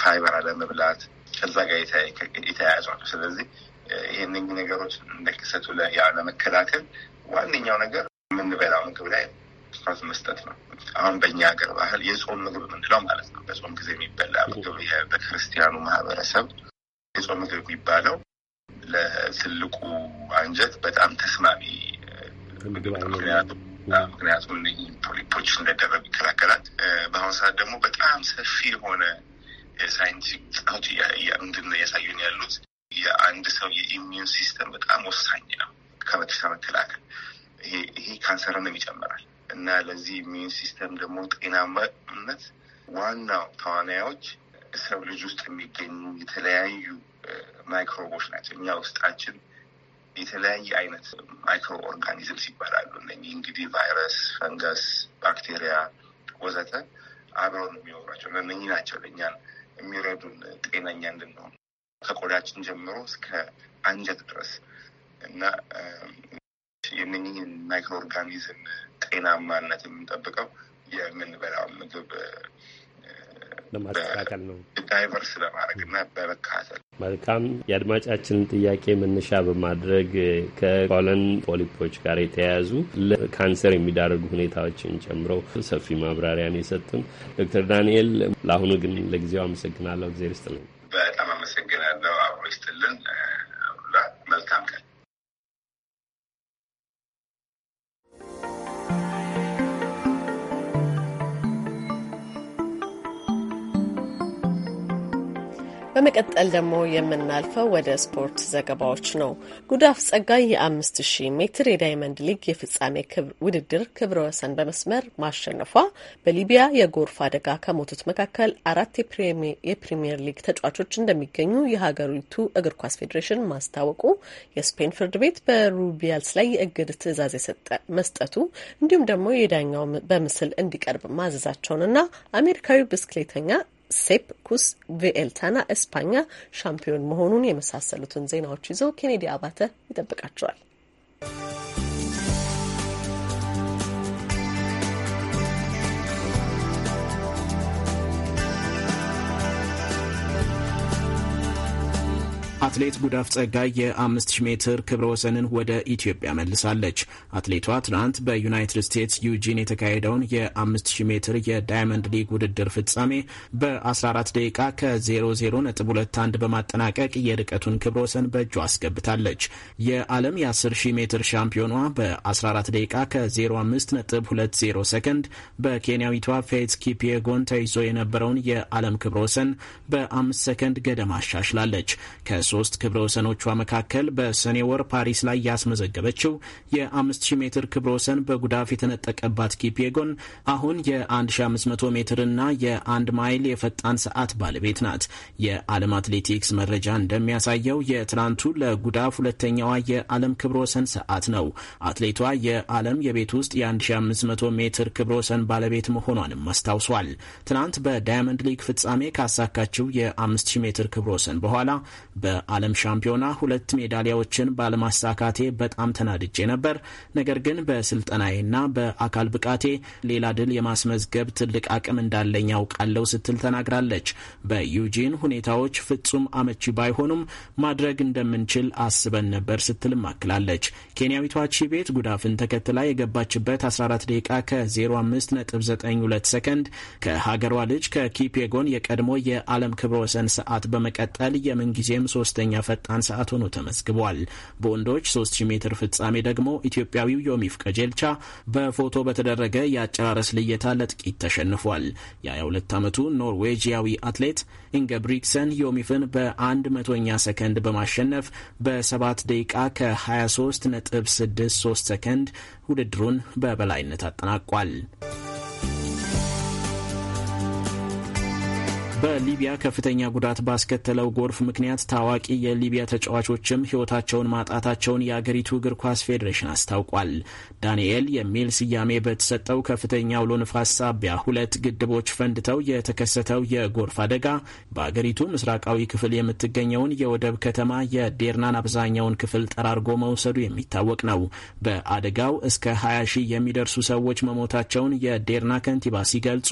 ፋይበር አለመብላት ከዛ ጋር የተያያዙ ስለዚህ ይህን ነገሮች እንደ ለመከላከል ዋነኛው ነገር የምንበላው ምግብ ላይ ትኩረት መስጠት ነው። አሁን በእኛ ሀገር ባህል የጾም ምግብ የምንለው ማለት ነው። በጾም ጊዜ የሚበላ ምግብ በክርስቲያኑ ማህበረሰብ የጾም ምግብ የሚባለው ለትልቁ አንጀት በጣም ተስማሚ ምግብ ምክንያቱም ምክንያቱም ፖሊፖች እንደደረብ ይከላከላል። በአሁኑ ሰዓት ደግሞ በጣም ሰፊ የሆነ የሳይንቲፊክ ጥናቶች ምንድን ነው ያሳዩን ያሉት የአንድ ሰው የኢሚዩን ሲስተም በጣም ወሳኝ ነው። ከበሽታ መከላከል ይሄ ካንሰርንም ይጨምራል እና ለዚህ ኢሚዩን ሲስተም ደግሞ ጤናማነት ዋናው ተዋናዮች ሰው ልጅ ውስጥ የሚገኙ የተለያዩ ማይክሮቦች ናቸው። እኛ ውስጣችን የተለያየ አይነት ማይክሮ ኦርጋኒዝምስ ይባላሉ። እነ እንግዲህ ቫይረስ፣ ፈንገስ፣ ባክቴሪያ ወዘተ አብረው የሚኖሩ ናቸው። እነኚህ ናቸው ለእኛን የሚረዱን ጤነኛ እንድንሆን ከቆዳችን ጀምሮ እስከ አንጀት ድረስ እና የእነኝህን ማይክሮ ኦርጋኒዝም ጤናማነት የምንጠብቀው የምንበላው ምግብ ለማስተካከል ነው። ዳይቨርስ ለማድረግ እና በመካተል መልካም የአድማጫችንን ጥያቄ መነሻ በማድረግ ከኮለን ፖሊፖች ጋር የተያያዙ ለካንሰር የሚዳረጉ ሁኔታዎችን ጨምሮ ሰፊ ማብራሪያን የሰጡን ዶክተር ዳንኤል ለአሁኑ ግን ለጊዜው አመሰግናለሁ። እግዜር ይስጥልኝ። በጣም አመሰግናለሁ። አብሮ ይስጥልን። በመቀጠል ደግሞ የምናልፈው ወደ ስፖርት ዘገባዎች ነው። ጉዳፍ ጸጋይ የ ሺህ ሜትር የዳይመንድ ሊግ የፍጻሜ ውድድር ክብረ ወሰን በመስመር ማሸነፏ በሊቢያ የጎርፍ አደጋ ከሞቱት መካከል አራት የፕሪምየር ሊግ ተጫዋቾች እንደሚገኙ የሀገሪቱ እግር ኳስ ፌዴሬሽን ማስታወቁ፣ የስፔን ፍርድ ቤት በሩቢያልስ ላይ የእግድ ትዕዛዝ መስጠቱ፣ እንዲሁም ደግሞ የዳኛው በምስል እንዲቀርብ ማዘዛቸውንና አሜሪካዊ ብስክሌተኛ ሴፕኩስ ቬኤልታና እስፓኛ ሻምፒዮን መሆኑን የመሳሰሉትን ዜናዎች ይዘው ኬኔዲ አባተ ይጠብቃቸዋል። አትሌት ጉዳፍ ጸጋይ የ5000 ሜትር ክብረ ወሰንን ወደ ኢትዮጵያ መልሳለች። አትሌቷ ትናንት በዩናይትድ ስቴትስ ዩጂን የተካሄደውን የ5000 ሜትር የዳይመንድ ሊግ ውድድር ፍጻሜ በ14 ደቂቃ ከ00.21 በማጠናቀቅ የርቀቱን ክብረ ወሰን በእጇ አስገብታለች። የዓለም የ10000 ሜትር ሻምፒዮኗ በ14 ደቂቃ ከ05.20 ሰከንድ በኬንያዊቷ ፌት ኪፒየጎን ተይዞ የነበረውን የዓለም ክብረ ወሰን በ5 ሰከንድ ገደማ አሻሽላለች። ሶስት ክብረ ወሰኖቿ መካከል በሰኔ ወር ፓሪስ ላይ ያስመዘገበችው የ5000 ሜትር ክብረ ወሰን በጉዳፍ የተነጠቀባት ኪፒጎን አሁን የ1500 ሜትርና የአንድ ማይል የፈጣን ሰዓት ባለቤት ናት። የዓለም አትሌቲክስ መረጃ እንደሚያሳየው የትናንቱ ለጉዳፍ ሁለተኛዋ የዓለም ክብረ ወሰን ሰዓት ነው። አትሌቷ የዓለም የቤት ውስጥ የ1500 ሜትር ክብረ ወሰን ባለቤት መሆኗንም አስታውሷል። ትናንት በዳያመንድ ሊግ ፍጻሜ ካሳካችው የ5000 ሜትር ክብረ ወሰን በኋላ በ በዓለም ሻምፒዮና ሁለት ሜዳሊያዎችን ባለማሳካቴ በጣም ተናድጄ ነበር። ነገር ግን በስልጠናዬና በአካል ብቃቴ ሌላ ድል የማስመዝገብ ትልቅ አቅም እንዳለኝ ያውቃለው ስትል ተናግራለች። በዩጂን ሁኔታዎች ፍጹም አመቺ ባይሆኑም ማድረግ እንደምንችል አስበን ነበር ስትልም አክላለች። ኬንያዊቷ ቺቤት ጉዳፍን ተከትላ የገባችበት 14 ደቂቃ ከ 92 ሰከንድ ከሀገሯ ልጅ ከኪፔጎን የቀድሞ የዓለም ክብረ ወሰን ሰዓት በመቀጠል የምንጊዜም ሶስት ሶስተኛ ፈጣን ሰዓት ሆኖ ተመዝግቧል። በወንዶች 3000 ሜትር ፍጻሜ ደግሞ ኢትዮጵያዊው ዮሚፍ ቀጀልቻ በፎቶ በተደረገ የአጨራረስ ልየታ ለጥቂት ተሸንፏል። የ22 ዓመቱ ኖርዌጂያዊ አትሌት ኢንገ ብሪክሰን ዮሚፍን በአንድ መቶኛ ሰከንድ በማሸነፍ በሰባት ደቂቃ ከ23 ነጥብ 63 ሰከንድ ውድድሩን በበላይነት አጠናቋል። በሊቢያ ከፍተኛ ጉዳት ባስከተለው ጎርፍ ምክንያት ታዋቂ የሊቢያ ተጫዋቾችም ሕይወታቸውን ማጣታቸውን የአገሪቱ እግር ኳስ ፌዴሬሽን አስታውቋል። ዳንኤል የሚል ስያሜ በተሰጠው ከፍተኛ አውሎ ንፋስ ሳቢያ ሁለት ግድቦች ፈንድተው የተከሰተው የጎርፍ አደጋ በአገሪቱ ምስራቃዊ ክፍል የምትገኘውን የወደብ ከተማ የዴርናን አብዛኛውን ክፍል ጠራርጎ መውሰዱ የሚታወቅ ነው። በአደጋው እስከ 20 ሺህ የሚደርሱ ሰዎች መሞታቸውን የዴርና ከንቲባ ሲገልጹ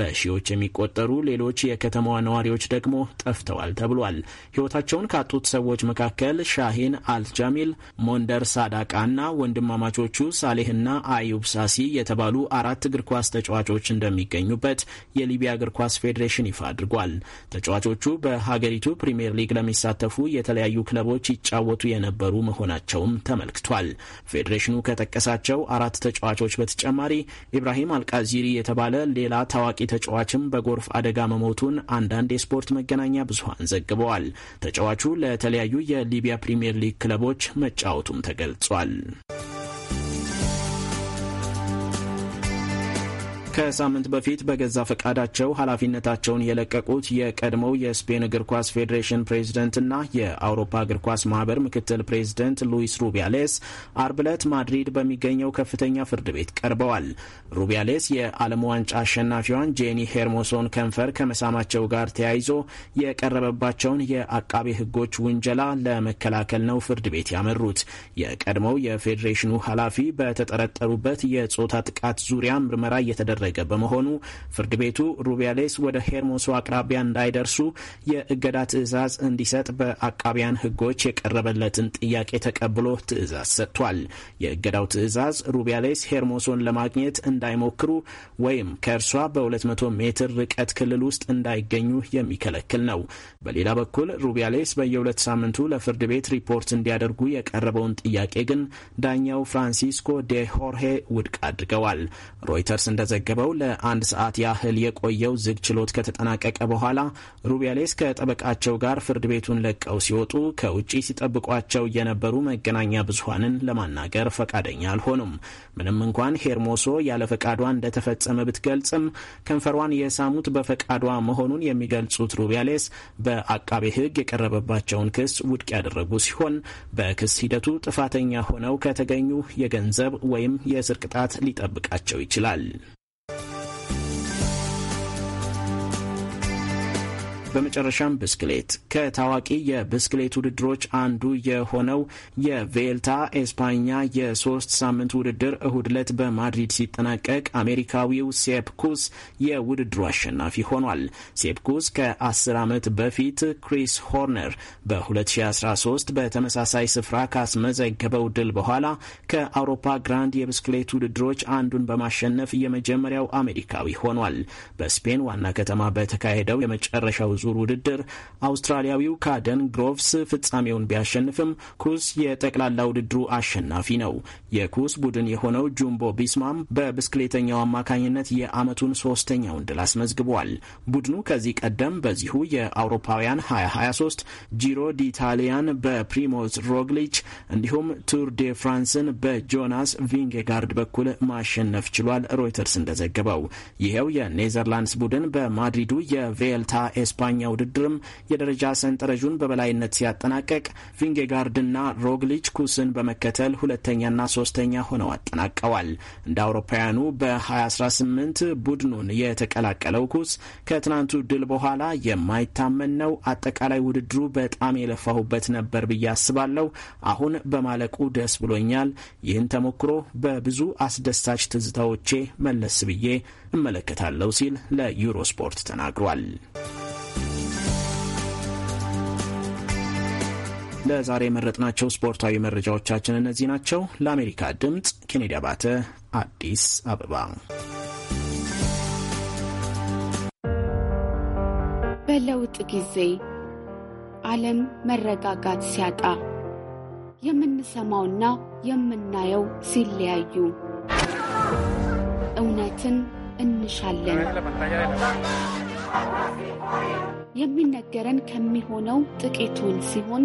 በሺዎች የሚቆጠሩ ሌሎች የከተማዋ ነዋሪዎች ደግሞ ጠፍተዋል ተብሏል። ሕይወታቸውን ካጡት ሰዎች መካከል ሻሂን አልጃሚል፣ ሞንደር ሳዳቃና ወንድማማቾቹ ሳሌህና አዩብ ሳሲ የተባሉ አራት እግር ኳስ ተጫዋቾች እንደሚገኙበት የሊቢያ እግር ኳስ ፌዴሬሽን ይፋ አድርጓል። ተጫዋቾቹ በሀገሪቱ ፕሪምየር ሊግ ለሚሳተፉ የተለያዩ ክለቦች ይጫወቱ የነበሩ መሆናቸውም ተመልክቷል። ፌዴሬሽኑ ከጠቀሳቸው አራት ተጫዋቾች በተጨማሪ ኢብራሂም አልቃዚሪ የተባለ ሌላ ታዋቂ ተጫዋችም በጎርፍ አደጋ መሞቱን መሆኑን አንዳንድ የስፖርት መገናኛ ብዙኃን ዘግበዋል። ተጫዋቹ ለተለያዩ የሊቢያ ፕሪምየር ሊግ ክለቦች መጫወቱም ተገልጿል። ከሳምንት በፊት በገዛ ፈቃዳቸው ኃላፊነታቸውን የለቀቁት የቀድሞው የስፔን እግር ኳስ ፌዴሬሽን ፕሬዝደንትና የአውሮፓ እግር ኳስ ማህበር ምክትል ፕሬዝደንት ሉዊስ ሩቢያሌስ አርብ ዕለት ማድሪድ በሚገኘው ከፍተኛ ፍርድ ቤት ቀርበዋል። ሩቢያሌስ የዓለም ዋንጫ አሸናፊዋን ጄኒ ሄርሞሶን ከንፈር ከመሳማቸው ጋር ተያይዞ የቀረበባቸውን የአቃቤ ሕጎች ውንጀላ ለመከላከል ነው ፍርድ ቤት ያመሩት። የቀድሞው የፌዴሬሽኑ ኃላፊ በተጠረጠሩበት የጾታ ጥቃት ዙሪያ ምርመራ እየተደረገ ያደረገ በመሆኑ ፍርድ ቤቱ ሩቢያሌስ ወደ ሄርሞሶ አቅራቢያ እንዳይደርሱ የእገዳ ትዕዛዝ እንዲሰጥ በአቃቢያን ሕጎች የቀረበለትን ጥያቄ ተቀብሎ ትዕዛዝ ሰጥቷል። የእገዳው ትዕዛዝ ሩቢያሌስ ሄርሞሶን ለማግኘት እንዳይሞክሩ ወይም ከእርሷ በ200 ሜትር ርቀት ክልል ውስጥ እንዳይገኙ የሚከለክል ነው። በሌላ በኩል ሩቢያሌስ በየሁለት ሳምንቱ ለፍርድ ቤት ሪፖርት እንዲያደርጉ የቀረበውን ጥያቄ ግን ዳኛው ፍራንሲስኮ ዴ ሆርሄ ውድቅ አድርገዋል። ሮይተርስ እንደዘገበ ተመዝግበው ለአንድ ሰዓት ያህል የቆየው ዝግ ችሎት ከተጠናቀቀ በኋላ ሩቢያሌስ ከጠበቃቸው ጋር ፍርድ ቤቱን ለቀው ሲወጡ ከውጪ ሲጠብቋቸው የነበሩ መገናኛ ብዙሀንን ለማናገር ፈቃደኛ አልሆኑም። ምንም እንኳን ሄርሞሶ ያለ ፈቃዷ እንደተፈጸመ ብትገልጽም ከንፈሯን የሳሙት በፈቃዷ መሆኑን የሚገልጹት ሩቢያሌስ በአቃቤ ሕግ የቀረበባቸውን ክስ ውድቅ ያደረጉ ሲሆን በክስ ሂደቱ ጥፋተኛ ሆነው ከተገኙ የገንዘብ ወይም የእስር ቅጣት ሊጠብቃቸው ይችላል። በመጨረሻም ብስክሌት ከታዋቂ የብስክሌት ውድድሮች አንዱ የሆነው የቬልታ ኤስፓኛ የሶስት ሳምንት ውድድር እሁድ ዕለት በማድሪድ ሲጠናቀቅ አሜሪካዊው ሴፕኩስ የውድድሩ አሸናፊ ሆኗል። ሴፕኩስ ከ10 ዓመት በፊት ክሪስ ሆርነር በ2013 በተመሳሳይ ስፍራ ካስመዘገበው ድል በኋላ ከአውሮፓ ግራንድ የብስክሌት ውድድሮች አንዱን በማሸነፍ የመጀመሪያው አሜሪካዊ ሆኗል። በስፔን ዋና ከተማ በተካሄደው የመጨረሻው ዙር ውድድር አውስትራሊያዊው ካደን ግሮቭስ ፍጻሜውን ቢያሸንፍም ኩስ የጠቅላላ ውድድሩ አሸናፊ ነው። የኩስ ቡድን የሆነው ጁምቦ ቢስማም በብስክሌተኛው አማካኝነት የዓመቱን ሶስተኛውን ድል አስመዝግቧል። ቡድኑ ከዚህ ቀደም በዚሁ የአውሮፓውያን 2023 ጂሮ ዲታሊያን በፕሪሞዝ ሮግሊች እንዲሁም ቱር ዴ ፍራንስን በጆናስ ቪንጌጋርድ በኩል ማሸነፍ ችሏል። ሮይተርስ እንደዘገበው ይኸው የኔዘርላንድስ ቡድን በማድሪዱ የቬልታ ስፓ የመገናኛ ውድድርም የደረጃ ሰንጠረዡን በበላይነት ሲያጠናቀቅ ቪንጌጋርድና ሮግሊች ኩስን በመከተል ሁለተኛና ሶስተኛ ሆነው አጠናቀዋል። እንደ አውሮፓውያኑ በ2018 ቡድኑን የተቀላቀለው ኩስ ከትናንቱ ድል በኋላ የማይታመን ነው። አጠቃላይ ውድድሩ በጣም የለፋሁበት ነበር ብዬ አስባለሁ። አሁን በማለቁ ደስ ብሎኛል። ይህን ተሞክሮ በብዙ አስደሳች ትዝታዎቼ መለስ ብዬ እመለከታለሁ ሲል ለዩሮስፖርት ተናግሯል። ለዛሬ የመረጥናቸው ስፖርታዊ መረጃዎቻችን እነዚህ ናቸው። ለአሜሪካ ድምፅ ኬኔዲ አባተ፣ አዲስ አበባ። በለውጥ ጊዜ ዓለም መረጋጋት ሲያጣ የምንሰማውና የምናየው ሲለያዩ እውነትን እንሻለን። የሚነገረን ከሚሆነው ጥቂቱን ሲሆን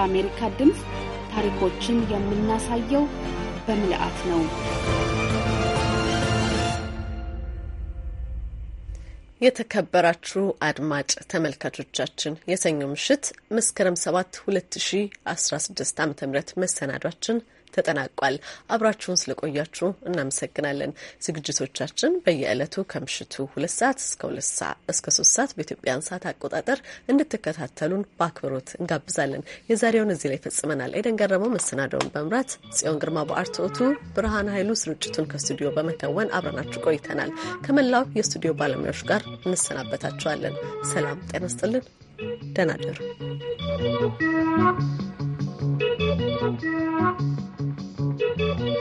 በአሜሪካ ድምፅ ታሪኮችን የምናሳየው በምልአት ነው። የተከበራችሁ አድማጭ ተመልካቾቻችን የሰኞ ምሽት መስከረም 7 2016 ዓ ም መሰናዷችን ተጠናቋል። አብራችሁን ስለቆያችሁ እናመሰግናለን። ዝግጅቶቻችን በየዕለቱ ከምሽቱ ሁለት ሰዓት እስከ ሁለት ሰዓት እስከ ሶስት ሰዓት በኢትዮጵያን ሰዓት አቆጣጠር እንድትከታተሉን በአክብሮት እንጋብዛለን። የዛሬውን እዚህ ላይ ፈጽመናል። ኤደን ገረመው መሰናደውን በመምራት ጽዮን ግርማ በአርትዖቱ ብርሃን ኃይሉ ስርጭቱን ከስቱዲዮ በመከወን አብረናችሁ ቆይተናል። ከመላው የስቱዲዮ ባለሙያዎች ጋር እንሰናበታችኋለን። ሰላም ጤና ስጥልን። ደህና ደሩ።